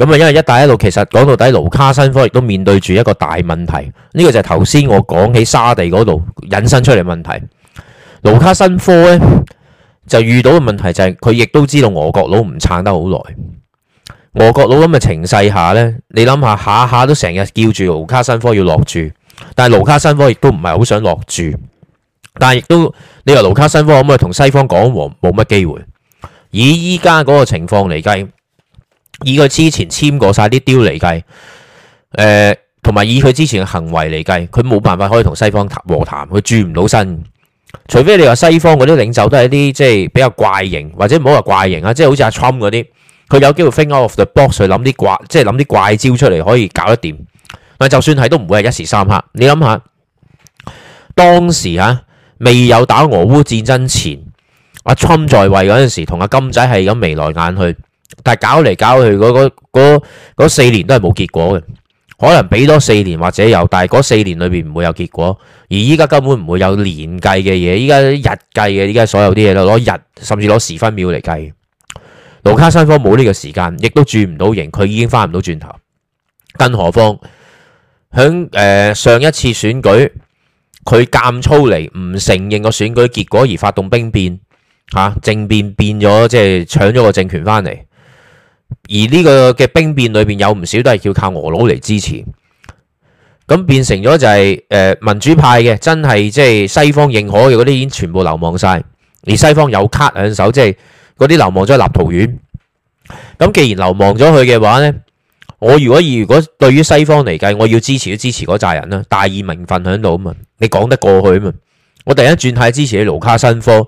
咁啊，因為一帶一路其實講到底，盧卡申科亦都面對住一個大問題。呢個就係頭先我講起沙地嗰度引申出嚟問題。盧卡申科呢，就遇到嘅問題就係佢亦都知道俄國佬唔撐得好耐。俄國佬咁嘅情勢下呢，你諗下下下都成日叫住盧卡申科要落注，但係盧卡申科亦都唔係好想落注，但係亦都你話盧卡申科可唔可以同西方講和，冇乜機會？以依家嗰個情況嚟計。以佢之前簽過晒啲雕嚟計，誒、呃，同埋以佢之前嘅行為嚟計，佢冇辦法可以同西方和談，佢轉唔到身。除非你話西方嗰啲領袖都係一啲即係比較怪型，或者唔好話怪型啊，即係好似阿 Trump 嗰啲，佢有機會 think out of the box，諗啲怪，即係諗啲怪招出嚟，可以搞得掂。但就算係，都唔會係一時三刻。你諗下，當時吓、啊、未有打俄烏戰爭前，阿、啊、Trump 在位嗰陣時，同阿金仔係咁眉來眼去。但係搞嚟搞去嗰嗰嗰嗰四年都係冇結果嘅，可能俾多四年或者有，但係嗰四年裏邊唔會有結果。而依家根本唔會有年計嘅嘢，依家日計嘅，依家所有啲嘢都攞日甚至攞時分秒嚟計。盧卡申科冇呢個時間，亦都轉唔到型，佢已經翻唔到轉頭。更何況響誒上一次選舉，佢監粗嚟唔承認個選舉結果而發動兵變吓政變變咗，即係搶咗個政權翻嚟。而呢個嘅兵變裏邊有唔少都係要靠俄佬嚟支持，咁變成咗就係、是、誒、呃、民主派嘅真係即係西方認可嘅嗰啲已經全部流亡晒，而西方有卡兩手，即係嗰啲流亡咗立陶宛。咁既然流亡咗佢嘅話呢，我如果如果對於西方嚟計，我要支持都支持嗰扎人啦，大義名分喺度啊嘛，你講得過去啊嘛，我突然轉態支持你盧卡申科，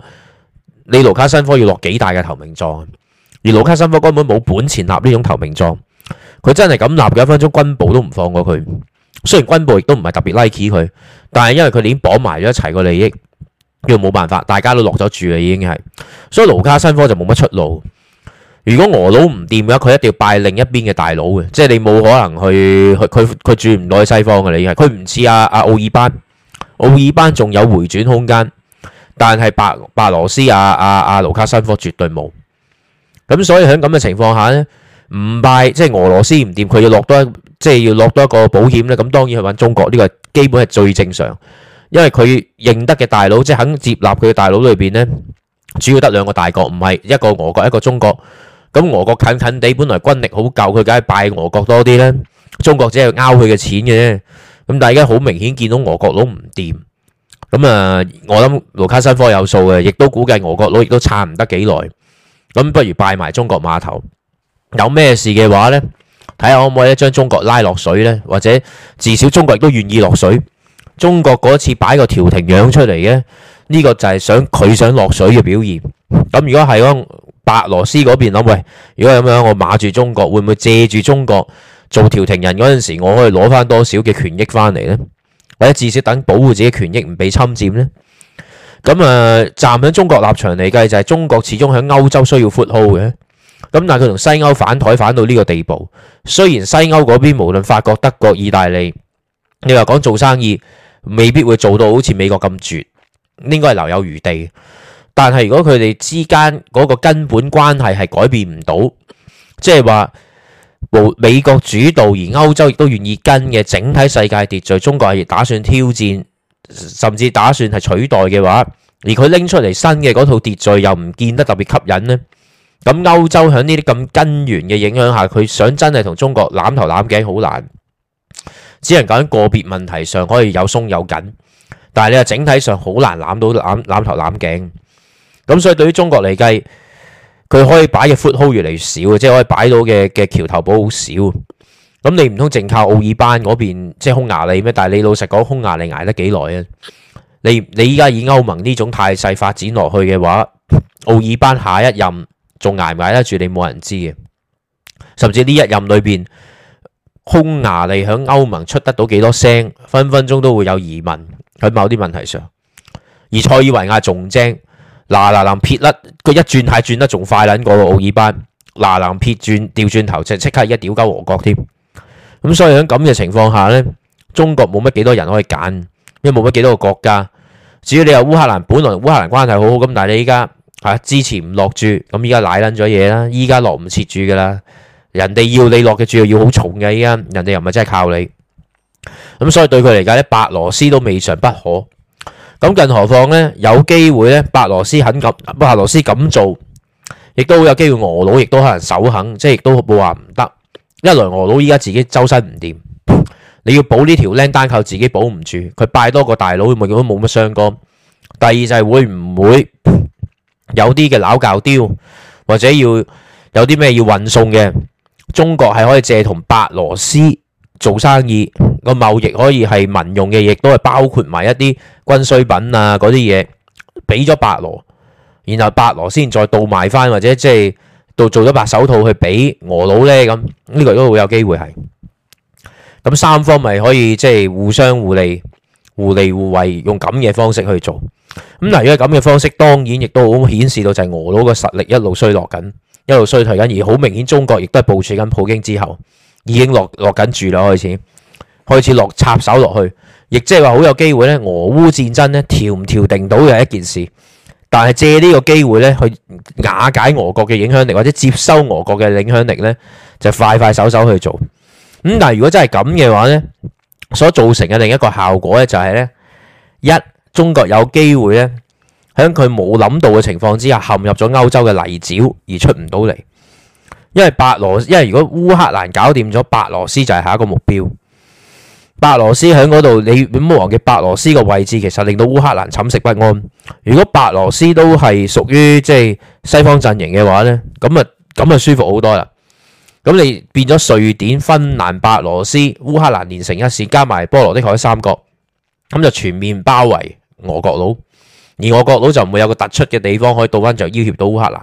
你盧卡申科要落幾大嘅投名狀？而盧卡申科根本冇本錢立呢種投名狀，佢真係咁立嘅話，分分鐘軍部都唔放過佢。雖然軍部亦都唔係特別 like 佢，但係因為佢已經綁埋咗一齊個利益，要冇辦法，大家都落咗注啦，已經係。所以盧卡申科就冇乜出路。如果俄佬唔掂嘅話，佢一定要拜另一邊嘅大佬嘅，即係你冇可能去去佢佢住唔到喺西方嘅，你係佢唔似阿阿奧爾班，奧爾班仲有回轉空間，但係白白羅斯阿阿阿盧卡申科絕對冇。咁所以喺咁嘅情況下咧，唔拜即係俄羅斯唔掂，佢要落多即係要落多一個保險咧。咁當然去揾中國呢個基本係最正常，因為佢認得嘅大佬即係肯接納佢嘅大佬裏邊咧，主要得兩個大國，唔係一個俄國一個中國。咁俄國近近地，本來軍力好夠，佢梗係拜俄國多啲咧。中國只係拗佢嘅錢嘅啫。咁但係而家好明顯見到俄國佬唔掂，咁啊，我諗盧卡申科有數嘅，亦都估計俄國佬亦都撐唔得幾耐。咁不如拜埋中國碼頭，有咩事嘅話呢？睇下可唔可以將中國拉落水呢？或者至少中國亦都願意落水。中國嗰次擺個調停樣出嚟嘅，呢個就係想佢想落水嘅表現。咁如果係咯，白羅斯嗰邊諗，喂，如果咁樣我馬住中國，會唔會借住中國做調停人嗰陣時，我可以攞翻多少嘅權益翻嚟呢？或者至少等保護自己權益唔被侵佔呢？咁啊，站喺中國立場嚟計，就係中國始終喺歐洲需要闊好嘅。咁但係佢同西歐反台反到呢個地步，雖然西歐嗰邊無論法國、德國、意大利，你話講做生意未必會做到好似美國咁絕，應該係留有餘地。但係如果佢哋之間嗰個根本關係係改變唔到，即係話無美國主導，而歐洲亦都願意跟嘅整體世界秩序，中國係打算挑戰。甚至打算係取代嘅話，而佢拎出嚟新嘅嗰套秩序又唔見得特別吸引呢。咁歐洲喺呢啲咁根源嘅影響下，佢想真係同中國攬頭攬頸好難，只能講喺個別問題上可以有鬆有緊，但係你話整體上好難攬到攬攬頭攬頸。咁所以對於中國嚟計，佢可以擺嘅 foothold 越嚟越少，即係可以擺到嘅嘅橋頭堡好少。咁你唔通淨靠奧爾班嗰邊，即係匈牙利咩？但係你老實講，匈牙利捱得幾耐啊？你，你依家以歐盟呢種態勢發展落去嘅話，奧爾班下一任仲捱唔捱得住你？你冇人知嘅，甚至呢一任裏邊，匈牙利喺歐盟出得到幾多聲？分分鐘都會有疑問喺某啲問題上。而塞爾維亞仲精嗱嗱嗱撇甩佢一轉，係轉得仲快撚過奧爾班嗱嗱撇轉掉轉頭，就即刻一屌鳩俄國添。咁所以喺咁嘅情況下呢，中國冇乜幾多人可以揀，因為冇乜幾多個國家。至於你話烏克蘭，本來烏克蘭關係好好，咁但係你依家啊支持唔落住，咁依家賴撚咗嘢啦，依家落唔切住噶啦，人哋要你落嘅主要要好重嘅，依家人哋又咪真係靠你。咁所以對佢嚟講咧，白羅斯都未嘗不可。咁更何況呢？有機會咧，白羅斯肯咁白羅斯咁做，亦都有機會俄羅亦都可能首肯，即係亦都冇話唔得。一來俄佬依家自己周身唔掂，你要保呢條僆單靠自己保唔住，佢拜多個大佬咪都冇乜相干。第二就係會唔會有啲嘅攋教雕，或者要有啲咩要運送嘅，中國係可以借同白羅斯做生意個貿易，可以係民用嘅，亦都係包括埋一啲軍需品啊嗰啲嘢，俾咗白羅，然後白羅先再倒賣翻，或者即係。到做咗白手套去俾俄佬咧咁，呢、這個都好有機會係。咁三方咪可以即係互相互利、互利互惠，用咁嘅方式去做。咁嗱，如果咁嘅方式，當然亦都好顯示到就係俄佬嘅實力一路衰落緊，一路衰退緊。而好明顯，中國亦都係部署緊普京之後，已經落落緊住啦，開始開始落插手落去，亦即係話好有機會咧，俄烏戰爭咧調唔調定到嘅係一件事。但係借呢個機會咧，去瓦解俄國嘅影響力，或者接收俄國嘅影響力咧，就快快手手去做咁。但係如果真係咁嘅話咧，所造成嘅另一個效果咧，就係咧，一，中國有機會咧，喺佢冇諗到嘅情況之下，陷入咗歐洲嘅泥沼而出唔到嚟，因為白羅，因為如果烏克蘭搞掂咗白羅斯，就係下一個目標。白羅斯喺嗰度，你本克蘭嘅白羅斯個位置，其實令到烏克蘭寢食不安。如果白羅斯都係屬於即係西方陣營嘅話呢，咁啊咁啊舒服好多啦。咁你變咗瑞典、芬蘭、白羅斯、烏克蘭連成一線，加埋波羅的海三國，咁就全面包圍俄國佬，而俄國佬就唔會有個突出嘅地方可以倒翻，就要挾到烏克蘭，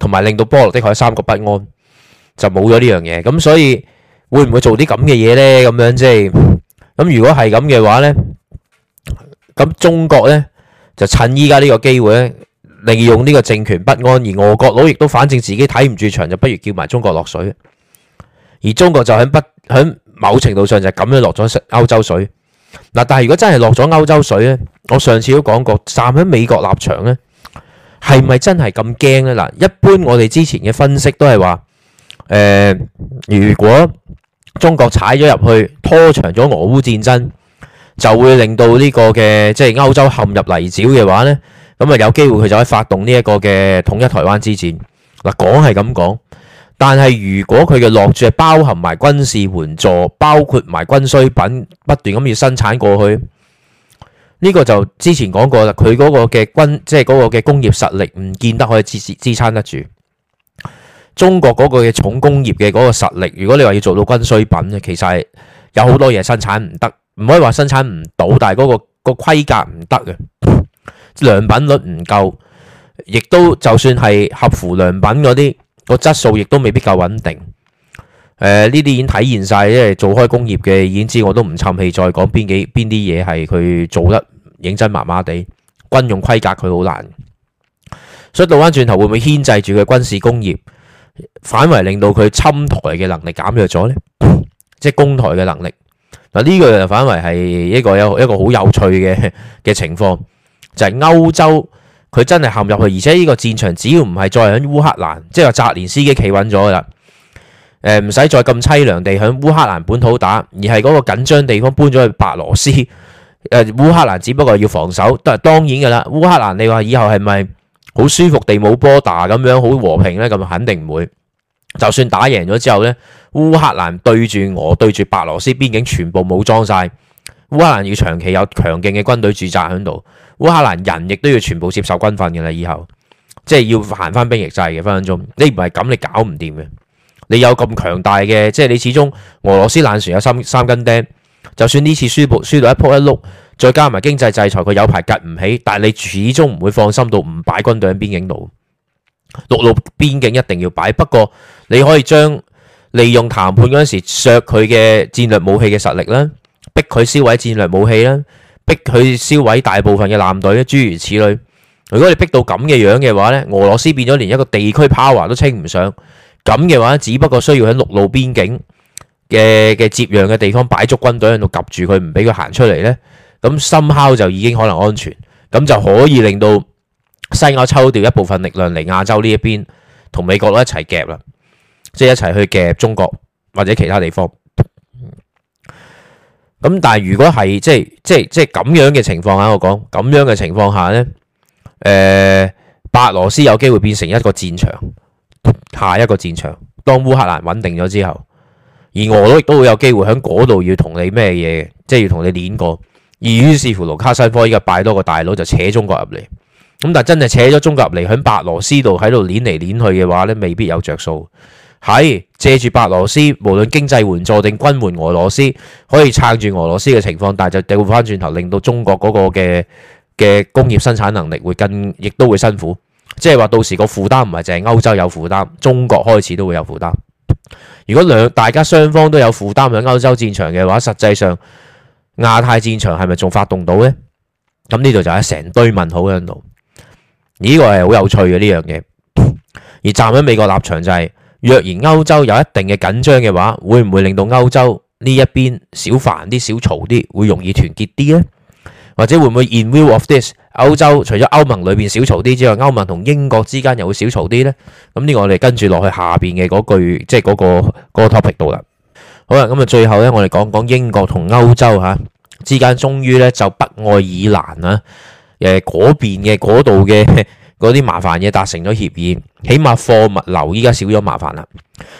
同埋令到波羅的海三國不安，就冇咗呢樣嘢。咁所以。會唔會做啲咁嘅嘢咧？咁樣即係咁。如果係咁嘅話咧，咁中國咧就趁依家呢個機會咧，利用呢個政權不安，而俄國佬亦都反正自己睇唔住場，就不如叫埋中國落水。而中國就喺不喺某程度上就咁樣落咗歐洲水嗱。但係如果真係落咗歐洲水咧，我上次都講過，站喺美國立場咧，係咪真係咁驚咧？嗱，一般我哋之前嘅分析都係話，誒，如果。中國踩咗入去，拖長咗俄烏戰爭，就會令到呢個嘅即係歐洲陷入泥沼嘅話呢，咁啊，有機會佢就可以發動呢一個嘅統一台灣之戰。嗱，講係咁講，但係如果佢嘅落注係包含埋軍事援助，包括埋軍需品，不斷咁要生產過去，呢、這個就之前講過啦，佢嗰個嘅軍即係、就是、嗰個嘅工業實力唔見得可以支支撐得住。中國嗰個嘅重工業嘅嗰個實力，如果你話要做到軍需品，其實有好多嘢生產唔得，唔可以話生產唔到，但係嗰、嗰個、個規格唔得嘅良品率唔夠，亦都就算係合乎良品嗰啲、個質素，亦都未必夠穩定。誒、呃，呢啲已經體現晒，因為做開工業嘅已經知，我都唔沉氣再講邊幾邊啲嘢係佢做得認真麻麻地。軍用規格佢好難，所以倒翻轉頭會唔會牽制住佢軍事工業？反而令到佢侵台嘅能力減弱咗呢，即係攻台嘅能力。嗱，呢個反而係一個有一個好有趣嘅嘅情況，就係、是、歐洲佢真係陷入去，而且呢個戰場只要唔係再喺烏克蘭，即係澤連斯基企穩咗噶啦。唔使再咁凄涼地響烏克蘭本土打，而係嗰個緊張地方搬咗去白羅斯。誒，烏克蘭只不過要防守，但係當然噶啦，烏克蘭你話以後係咪？好舒服地冇波打，咁樣好和平呢，咁肯定唔會。就算打贏咗之後呢，烏克蘭對住俄，對住白羅斯邊境全部武裝晒。烏克蘭要長期有強勁嘅軍隊駐紮喺度，烏克蘭人亦都要全部接受軍訓嘅啦，以後即係要行翻兵役制嘅，分分鐘。你唔係咁，你搞唔掂嘅。你有咁強大嘅，即係你始終俄羅斯爛船有三三斤釘，就算呢次輸暴輸到一撲一碌，再加埋經濟制裁，佢有排夾唔起，但係你始終唔會放心到唔擺軍隊喺邊境度。陸路邊境一定要擺，不過你可以將利用談判嗰陣時削佢嘅戰略武器嘅實力啦，逼佢銷毀戰略武器啦，逼佢銷毀大部分嘅艦隊，諸如此類。如果你逼到咁嘅樣嘅話呢，俄羅斯變咗連一個地區 power 都稱唔上咁嘅話，只不過需要喺陸路邊境嘅嘅接壤嘅地方擺足軍隊喺度夾住佢，唔俾佢行出嚟呢咁深烤就已經可能安全，咁就可以令到西歐抽調一部分力量嚟亞洲呢一邊，同美國都一齊夾啦，即係一齊去夾中國或者其他地方。咁但係如果係即係即係即係咁樣嘅情況下，我講咁樣嘅情況下呢，誒白羅斯有機會變成一個戰場，下一個戰場。當烏克蘭穩定咗之後，而俄都亦都會有機會喺嗰度要同你咩嘢，即係要同你碾過。而於是乎，盧卡伸科依家拜多個大佬就扯中國入嚟，咁但真係扯咗中國入嚟，喺白羅斯度喺度捻嚟捻去嘅話呢，未必有着數。係借住白羅斯，無論經濟援助定軍援俄羅斯，可以撐住俄羅斯嘅情況，但係就掉翻轉頭，令到中國嗰個嘅嘅工業生產能力會更，亦都會辛苦。即係話到時個負擔唔係淨係歐洲有負擔，中國開始都會有負擔。如果兩大家雙方都有負擔響歐洲戰場嘅話，實際上。亞太戰場係咪仲發動到呢？咁呢度就係成堆問號喺度。呢個係好有趣嘅呢樣嘢。而站喺美國立場就係：若然歐洲有一定嘅緊張嘅話，會唔會令到歐洲呢一邊少煩啲、少嘈啲，會容易團結啲呢？或者會唔會 In view of this，歐洲除咗歐盟裏邊少嘈啲之外，歐盟同英國之間又會少嘈啲呢？咁呢個我哋跟住落去下邊嘅嗰句，即係嗰個嗰個 topic 度啦。好啦，咁啊，最後咧，我哋講講英國同歐洲吓之間，終於咧就北愛爾蘭啦，誒嗰邊嘅嗰度嘅嗰啲麻煩嘢達成咗協議，起碼貨物流依家少咗麻煩啦。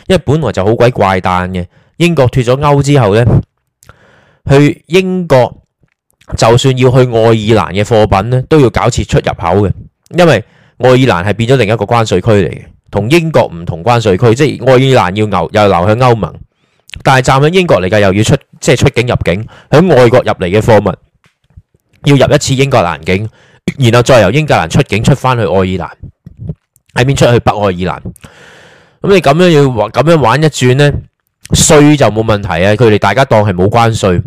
因為本來就好鬼怪誕嘅，英國脫咗歐之後咧，去英國就算要去愛爾蘭嘅貨品咧，都要搞次出入口嘅，因為愛爾蘭係變咗另一個關稅區嚟嘅同英國唔同關稅區，即係愛爾蘭要流又流向歐盟。但係站喺英國嚟嘅又要出即係出境入境，喺外國入嚟嘅貨物要入一次英格蘭境，然後再由英格蘭出境出翻去愛爾蘭，喺邊出去北愛爾蘭？咁你咁樣要咁樣玩一轉呢，稅就冇問題啊！佢哋大家當係冇關稅，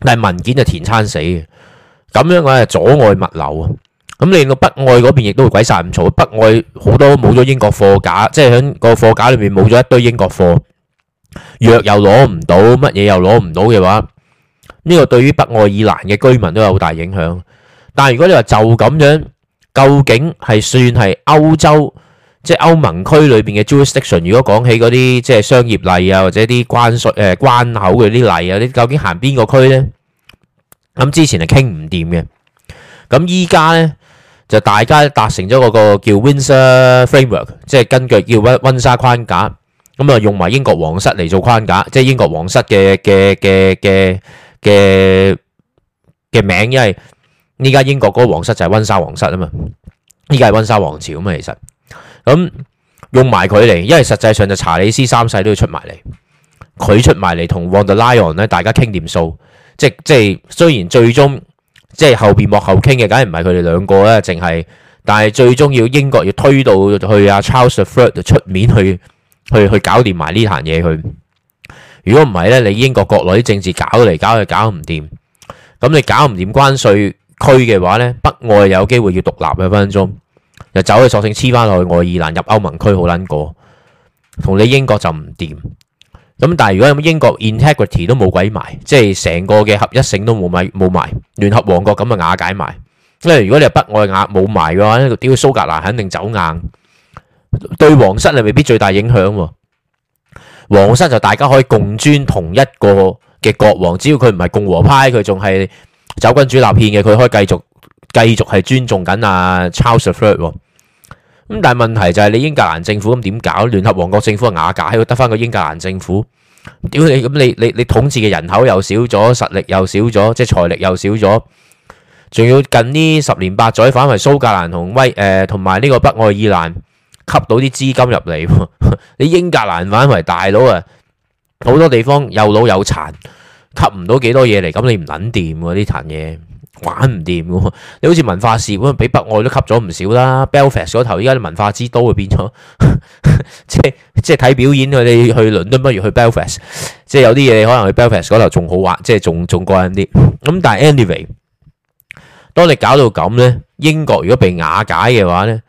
但係文件就填餐死嘅。咁樣嘅話係阻礙物流啊！咁令到北愛嗰邊亦都會鬼殺咁嘈，北愛好多冇咗英國貨架，即係喺個貨架裏面冇咗一堆英國貨。藥又攞唔到，乜嘢又攞唔到嘅話，呢個對於北愛爾蘭嘅居民都有好大影響。但係如果你話就咁樣，究竟係算係歐洲，即係歐盟區裏邊嘅 jurisdiction？如果講起嗰啲即係商業例啊，或者啲關稅誒關口嘅啲例啊，你究竟行邊個區咧？咁之前係傾唔掂嘅，咁依家咧就大家達成咗嗰個叫 Windsor Framework，即係根據叫温温莎框架。咁啊，用埋英國皇室嚟做框架，即係英國皇室嘅嘅嘅嘅嘅嘅名，因為依家英國嗰個王室就係溫莎皇室啊嘛。依家係溫莎王朝啊嘛，其實咁、嗯、用埋佢嚟，因為實際上就查理斯三世都要出埋嚟，佢出埋嚟同 von der Leyen 咧，大家傾掂數，即即係雖然最終即係後邊幕後傾嘅，梗係唔係佢哋兩個咧，淨係但係最終要英國要推到去阿 Charles III 出面去。去去搞掂埋呢壇嘢佢，如果唔係咧，你英國國內啲政治搞嚟搞去搞唔掂，咁你搞唔掂關稅區嘅話咧，北愛又有機會要獨立。一分鐘就走，索性黐翻落去愛爾蘭入歐盟區好捻過，同你英國就唔掂。咁但係如果有英國 integrity 都冇鬼埋，即係成個嘅合一性都冇埋冇埋，聯合王國咁啊瓦解埋。因為如果你係北愛瓦冇埋嘅話，屌蘇格蘭肯定走硬。對皇室你未必最大影響喎，皇室就大家可以共尊同一個嘅國王，只要佢唔係共和派，佢仲係走君主立憲嘅，佢可以繼續繼續係尊重緊阿 Charles III。咁但係問題就係你英格蘭政府咁點搞？聯合王國政府嘅瓦解，得翻個英格蘭政府，屌你咁你你你統治嘅人口又少咗，實力又少咗，即係財力又少咗，仲要近呢十年八載反為蘇格蘭同威誒同埋呢個北愛爾蘭。吸到啲資金入嚟喎，你英格蘭反為大佬啊，好多地方又老又殘，吸唔到幾多嘢嚟，咁你唔撚掂喎，啲殘嘢玩唔掂喎。你好似文化市咁啊，比北愛都吸咗唔少啦。Belfast 嗰頭，依家啲文化之都會變咗，即係即係睇表演，你去倫敦不如去 Belfast，即係有啲嘢你可能去 Belfast 嗰頭仲好玩，即係仲仲過癮啲。咁但係 anyway，當你搞到咁咧，英國如果被瓦解嘅話咧。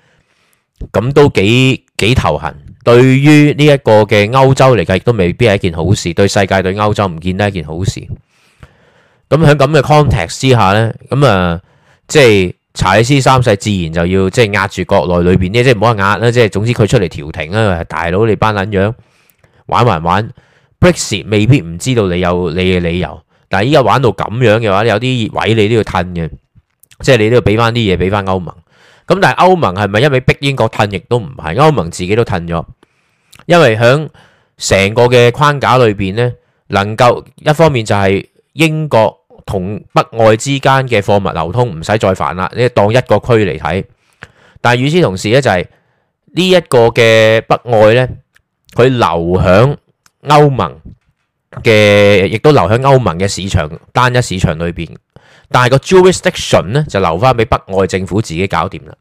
咁都幾幾頭痕，對於呢一個嘅歐洲嚟計，亦都未必係一件好事，對世界對歐洲唔見得係一件好事。咁喺咁嘅 context 之下咧，咁啊，即係查理斯三世自然就要即係壓住國內裏邊咧，即係唔好話壓啦，即係總之佢出嚟調停啦，大佬你班撚樣玩還玩，Brexit 未必唔知道你有你嘅理由，但係依家玩到咁樣嘅話，有啲位你都要吞嘅，即係你都要俾翻啲嘢俾翻歐盟。咁但係歐盟係咪一味逼英國褪亦都唔係，歐盟自己都褪咗，因為喺成個嘅框架裏邊呢，能夠一方面就係英國同北愛之間嘅貨物流通唔使再煩啦，你當一個區嚟睇。但係與此同時，就是這個，呢就係呢一個嘅北愛呢，佢留響歐盟嘅，亦都留響歐盟嘅市場單一市場裏邊。但係個 jurisdiction 咧就留翻俾北愛政府自己搞掂啦。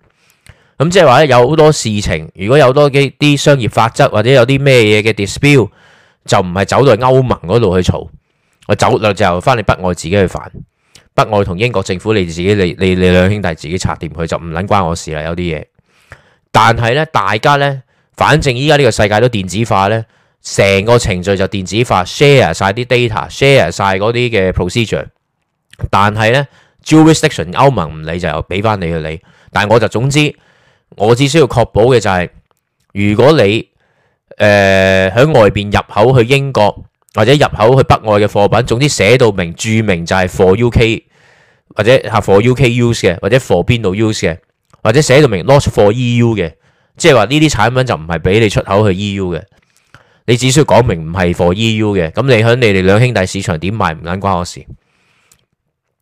咁即係話咧，有好多事情，如果有多幾啲商業法則或者有啲咩嘢嘅 dispute，就唔係走到去歐盟嗰度去嘈，我走落就翻嚟北愛自己去煩。北愛同英國政府你自己，你你你兩兄弟自己拆掂佢，就唔撚關我事啦。有啲嘢，但係咧，大家咧，反正依家呢個世界都電子化咧，成個程序就電子化，share 曬啲 data，share 曬嗰啲嘅 procedure。但係呢，jurisdiction 歐盟唔理就俾、是、翻你去理。但係我就總之，我只需要確保嘅就係、是，如果你誒喺、呃、外邊入口去英國或者入口去北愛嘅貨品，總之寫到明註明就係 for UK 或者係 for UK use 嘅，或者 for 邊度 use 嘅，或者寫到明 not for EU 嘅，即係話呢啲產品就唔係俾你出口去 EU 嘅。你只需要講明唔係 for EU 嘅，咁你喺你哋兩兄弟市場點賣唔緊關我事。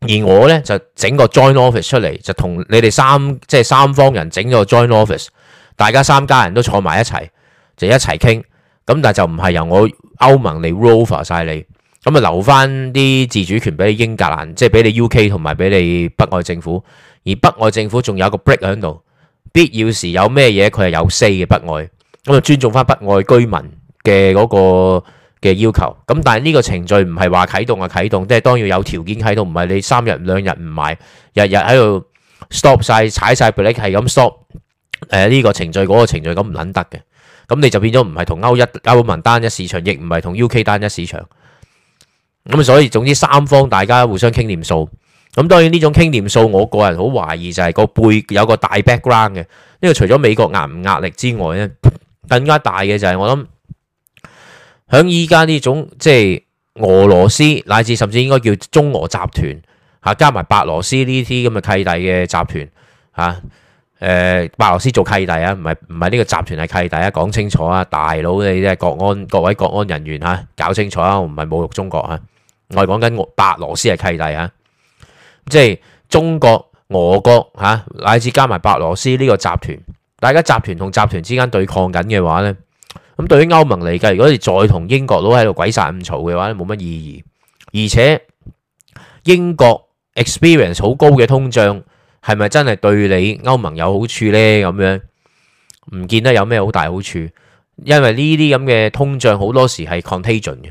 而我呢就整個 join office 出嚟，就同你哋三，即係三方人整咗個 join office，大家三家人都坐埋一齊，就一齊傾。咁但係就唔係由我歐盟嚟 rule over 曬你，咁啊留翻啲自主權俾你英格蘭，即係俾你 UK 同埋俾你北愛政府。而北愛政府仲有一個 break 喺度，必要時有咩嘢佢係有 say 嘅北愛，咁啊尊重翻北愛居民嘅嗰個。嘅要求，咁但係呢個程序唔係話啟動就啟動，即係當然要有條件啟動，唔係你三日兩日唔買，日日喺度 stop 曬踩曬 brake 係咁 stop。誒，呢個程序嗰個程序咁唔撚得嘅，咁你就變咗唔係同歐一歐盟單一市場，亦唔係同 UK 單一市場。咁所以總之三方大家互相傾掂數。咁當然呢種傾掂數，我個人好懷疑就係個背有個大 background 嘅。呢個除咗美國壓唔壓力之外咧，更加大嘅就係我諗。喺依家呢種即係俄羅斯，乃至甚至應該叫中俄集團吓，加埋白羅斯呢啲咁嘅契弟嘅集團吓。誒、啊呃，白羅斯做契弟啊，唔係唔係呢個集團係契弟啊，講清楚啊，大佬你嘅國安各位國安人員吓、啊，搞清楚啊，我唔係侮辱中國啊，我係講緊白羅斯係契弟啊，即係中國、俄國吓、啊，乃至加埋白羅斯呢個集團，大家集團同集團之間對抗緊嘅話咧。咁對於歐盟嚟計，如果你再同英國佬喺度鬼殺咁嘈嘅話咧，冇乜意義。而且英國 experience 好高嘅通脹，係咪真係對你歐盟有好處呢？咁樣唔見得有咩好大好處，因為呢啲咁嘅通脹好多時係 contagion 嘅，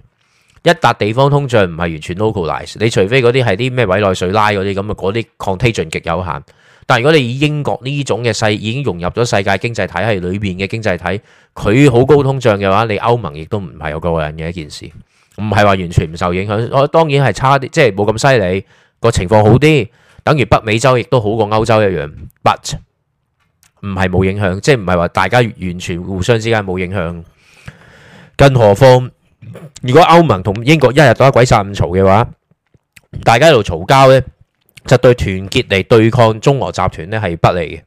一笪地方通脹唔係完全 localize，你除非嗰啲係啲咩委內瑞拉嗰啲咁啊，嗰啲 contagion 極有限。但如果你以英國呢種嘅世已經融入咗世界經濟體系裏邊嘅經濟體，佢好高通脹嘅話，你歐盟亦都唔係有個人嘅一件事，唔係話完全唔受影響。我當然係差啲，即係冇咁犀利，個情況好啲，等於北美洲亦都好過歐洲一樣。But 唔係冇影響，即係唔係話大家完全互相之間冇影響。更何況如果歐盟同英國一日到黑鬼殺咁嘈嘅話，大家喺度嘈交呢，就對團結嚟對抗中俄集團咧係不利嘅。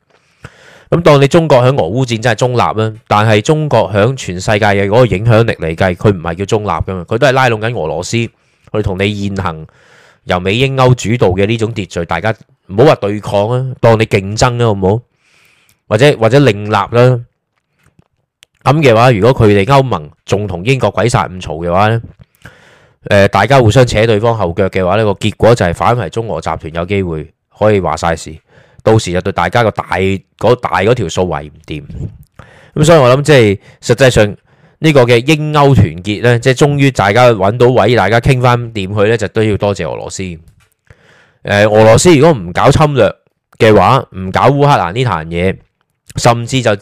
咁當你中國響俄烏戰真係中立啦，但係中國響全世界嘅嗰個影響力嚟計，佢唔係叫中立噶嘛，佢都係拉攏緊俄羅斯去同你現行由美英歐主導嘅呢種秩序。大家唔好話對抗啊，當你競爭啦好唔好？或者或者另立啦，咁嘅話，如果佢哋歐盟仲同英國鬼殺咁嘈嘅話咧？誒，大家互相扯對方後腳嘅話，呢個結果就係反為中俄集團有機會可以話晒事，到時就對大家個大嗰大嗰條數位唔掂咁，所以我諗即係實際上呢個嘅英歐團結呢，即係終於大家揾到位，大家傾翻掂去呢，就都要多謝俄羅斯。誒、呃，俄羅斯如果唔搞侵略嘅話，唔搞烏克蘭呢壇嘢，甚至就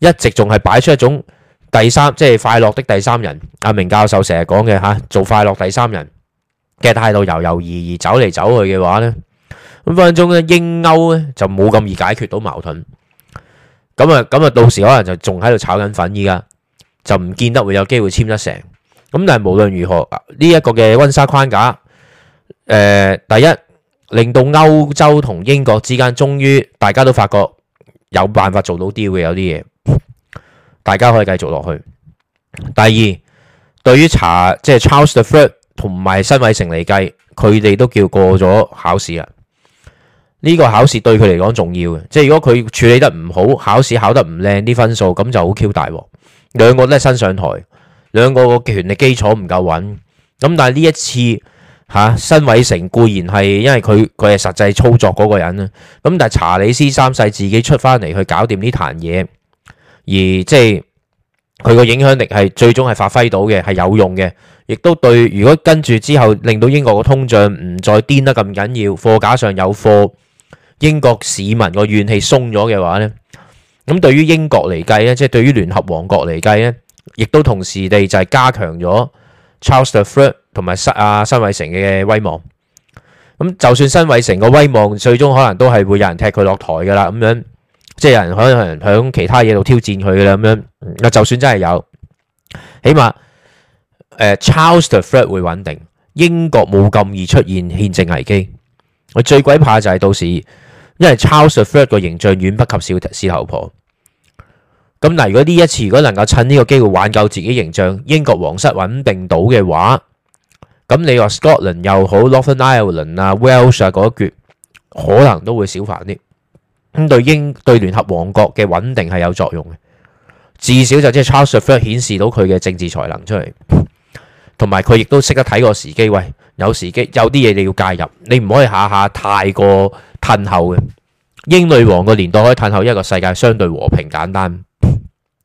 一直仲係擺出一種。第三即係快樂的第三人，阿明教授成日講嘅吓，做快樂第三人嘅態度猶猶疑疑走嚟走去嘅話呢，咁分分鐘咧英歐呢就冇咁易解決到矛盾，咁啊咁啊到時可能就仲喺度炒緊粉，依家就唔見得會有機會簽得成，咁但係無論如何呢一個嘅溫莎框架，誒，第一令到歐洲同英國之間終於大家都發覺有辦法做到啲會有啲嘢。大家可以繼續落去。第二，對於查即係、就是、Charles III 同埋新偉成嚟計，佢哋都叫過咗考試啦。呢、這個考試對佢嚟講重要嘅，即係如果佢處理得唔好，考試考得唔靚啲分數，咁就好 Q 大鑊。兩個都係新上台，兩個嘅權力基礎唔夠穩。咁但係呢一次吓，新偉成固然係因為佢佢係實際操作嗰個人啦。咁但係查理斯三世自己出翻嚟去搞掂呢壇嘢。而即係佢個影響力係最終係發揮到嘅，係有用嘅，亦都對。如果跟住之後令到英國個通脹唔再癲得咁緊要，貨架上有貨，英國市民個怨氣鬆咗嘅話咧，咁對於英國嚟計咧，即係對於聯合王國嚟計咧，亦都同時地就係加強咗 Charles the Third 同埋啊辛偉誠嘅威望。咁就算辛偉誠個威望最終可能都係會有人踢佢落台噶啦，咁樣。即係有人可能響其他嘢度挑戰佢嘅啦咁樣，啊就算真係有，起碼誒 Charles the Third，會穩定，英國冇咁易出現憲政危機。我最鬼怕就係到時，因為 Charles the Third 個形象遠不及小司后婆。咁嗱，如果呢一次如果能夠趁呢個機會挽救自己形象，英國皇室穩定到嘅話，咁你話 Scotland 又好，Northern Ireland 啊，Wales 啊嗰一橛，可能都會少煩啲。咁對英對聯合王國嘅穩定係有作用嘅，至少就即係 Charles 一顯示到佢嘅政治才能出嚟，同埋佢亦都識得睇個時機，喂，有時機，有啲嘢你要介入，你唔可以下下太過褪後嘅。英女王個年代可以褪後，一個世界相對和平簡單。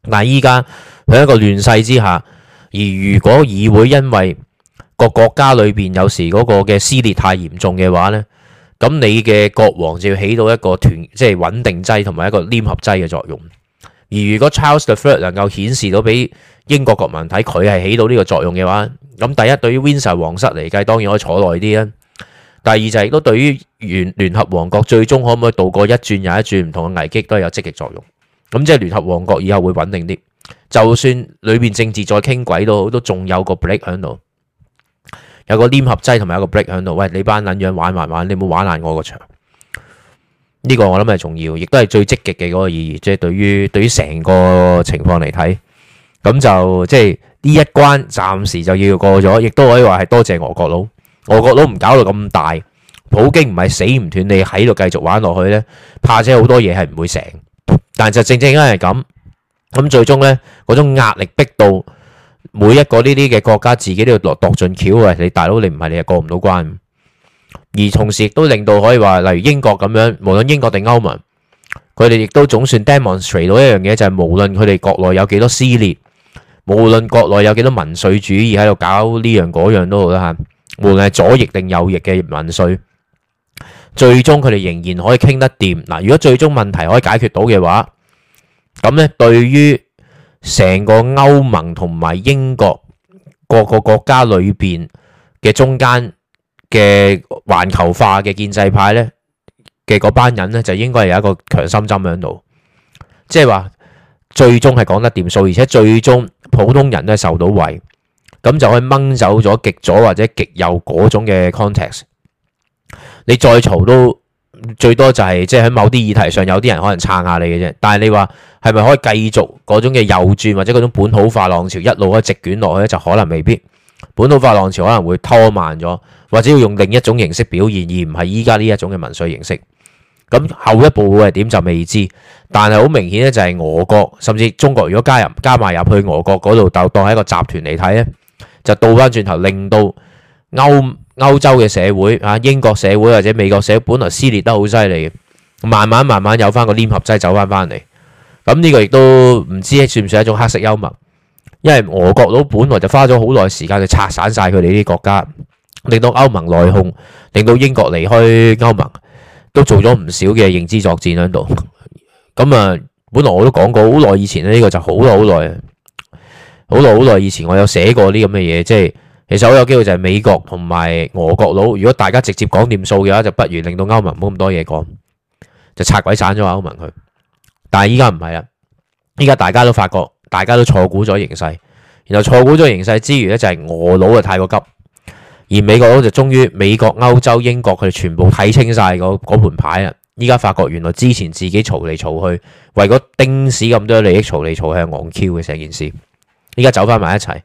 嗱，依家佢一個亂世之下，而如果議會因為個國家裏邊有時嗰個嘅撕裂太嚴重嘅話咧。咁你嘅國王就要起到一個團，即係穩定劑同埋一個黏合劑嘅作用。而如果 Charles the Third 能夠顯示到俾英國國民睇佢係起到呢個作用嘅話，咁第一對於 Windsor 王室嚟計，當然可以坐耐啲啦。第二就係亦都對於聯聯合王國最終可唔可以度過一轉又一轉唔同嘅危機都係有積極作用。咁即係聯合王國以後會穩定啲，就算裏邊政治再傾軌都好，都仲有個 Blake 喺度。有個黏合劑同埋有個 break 喺度。喂，你班撚樣玩玩玩，你唔好玩爛我個場。呢個我諗係重要，亦都係最積極嘅嗰個意義，即係對於對於成個情況嚟睇，咁就即係呢一關暫時就要過咗，亦都可以話係多謝俄國佬，俄國佬唔搞到咁大，普京唔係死唔斷，你喺度繼續玩落去呢，怕且好多嘢係唔會成，但就正正因為咁，咁最終呢嗰種壓力逼到。每一個呢啲嘅國家自己都要度度盡橋啊！你大佬你唔係你又過唔到關，而同時亦都令到可以話，例如英國咁樣，無論英國定歐盟，佢哋亦都總算 demonstrate 到一樣嘢，就係無論佢哋國內有幾多撕裂，無論國內有幾多民粹主義喺度搞呢樣嗰樣都好啦吓，無論係左翼定右翼嘅民粹，最終佢哋仍然可以傾得掂嗱。如果最終問題可以解決到嘅話，咁咧對於。成個歐盟同埋英國各個國家裏邊嘅中間嘅環球化嘅建制派呢嘅嗰班人呢，就應該係有一個強心針喺度，即係話最終係講得掂數，而且最終普通人都係受到惠，咁就可以掹走咗極左或者極右嗰種嘅 context。你再嘈都最多就係、是、即係喺某啲議題上有啲人可能撐下你嘅啫，但係你話。係咪可以繼續嗰種嘅右轉或者嗰種本土化浪潮一路一直直捲落去咧？就可能未必本土化浪潮可能會拖慢咗，或者要用另一種形式表現，而唔係依家呢一種嘅民粹形式。咁後一步會係點就未知，但係好明顯咧，就係俄國甚至中國如果加入加埋入去俄國嗰度，就當係一個集團嚟睇咧，就倒翻轉頭令到歐歐洲嘅社會啊、英國社會或者美國社會本來撕裂得好犀利嘅，慢慢慢慢有翻個黏合劑走翻翻嚟。咁呢個亦都唔知算唔算一種黑色幽默，因為俄國佬本來就花咗好耐時間去拆散曬佢哋啲國家，令到歐盟內訌，令到英國離開歐盟，都做咗唔少嘅認知作戰喺度。咁啊，本來我都講過好耐以前咧，呢個就好耐好耐，好耐好耐以前我有寫過啲咁嘅嘢，即係其實好有機會就係美國同埋俄國佬，如果大家直接講掂數嘅話，就不如令到歐盟冇咁多嘢講，就拆鬼散咗歐盟佢。但係依家唔係啦，依家大家都發覺，大家都錯估咗形勢，然後錯估咗形勢之餘呢，就係、是、俄佬啊太過急，而美國佬就終於美國、歐洲、英國佢哋全部睇清晒嗰嗰盤牌啊！依家發覺原來之前自己嘈嚟嘈去，為咗丁屎咁多利益嘈嚟嘈去係戇 Q 嘅成件事，依家走翻埋一齊，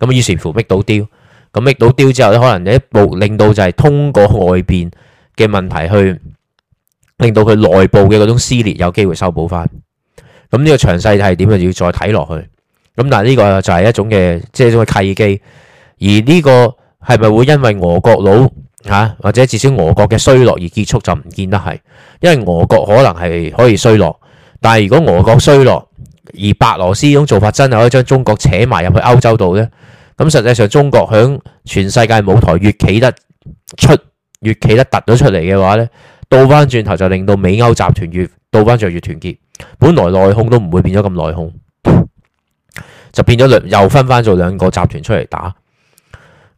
咁於是乎逼到丟，咁逼到丟之後咧，可能一步令到就係通過外邊嘅問題去令到佢內部嘅嗰種撕裂有機會修補翻。咁呢個詳細係點啊？要再睇落去。咁嗱，呢個就係一種嘅，即係一種嘅契機。而呢個係咪會因為俄國佬嚇，啊，或者至少俄國嘅衰落而結束，就唔見得係。因為俄國可能係可以衰落，但係如果俄國衰落，而白羅斯呢種做法真係可以將中國扯埋入去歐洲度呢。咁、嗯、實際上中國響全世界舞台越企得出，越企得突咗出嚟嘅話呢，倒翻轉頭就令到美歐集團越倒翻就越團結。本來內訌都唔會變咗咁內訌，就變咗兩又分翻做兩個集團出嚟打，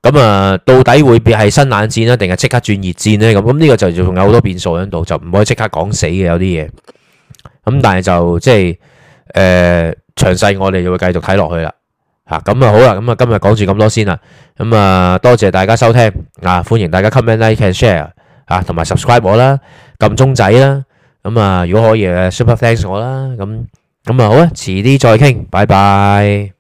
咁啊到底會變係新冷戰咧，定係即刻轉熱戰咧？咁咁呢個就仲有好多變數喺度，就唔可以即刻講死嘅有啲嘢。咁但係就即係誒，詳細我哋就會繼續睇落去啦。吓咁啊好啦，咁啊今日講住咁多先啦。咁啊多謝大家收聽啊，歡迎大家 comment、like、can share 啊，同埋 subscribe 我啦，撳鐘仔啦。咁啊，如果可以，super thanks 我啦。咁咁啊，好啊，遲啲再傾，拜拜。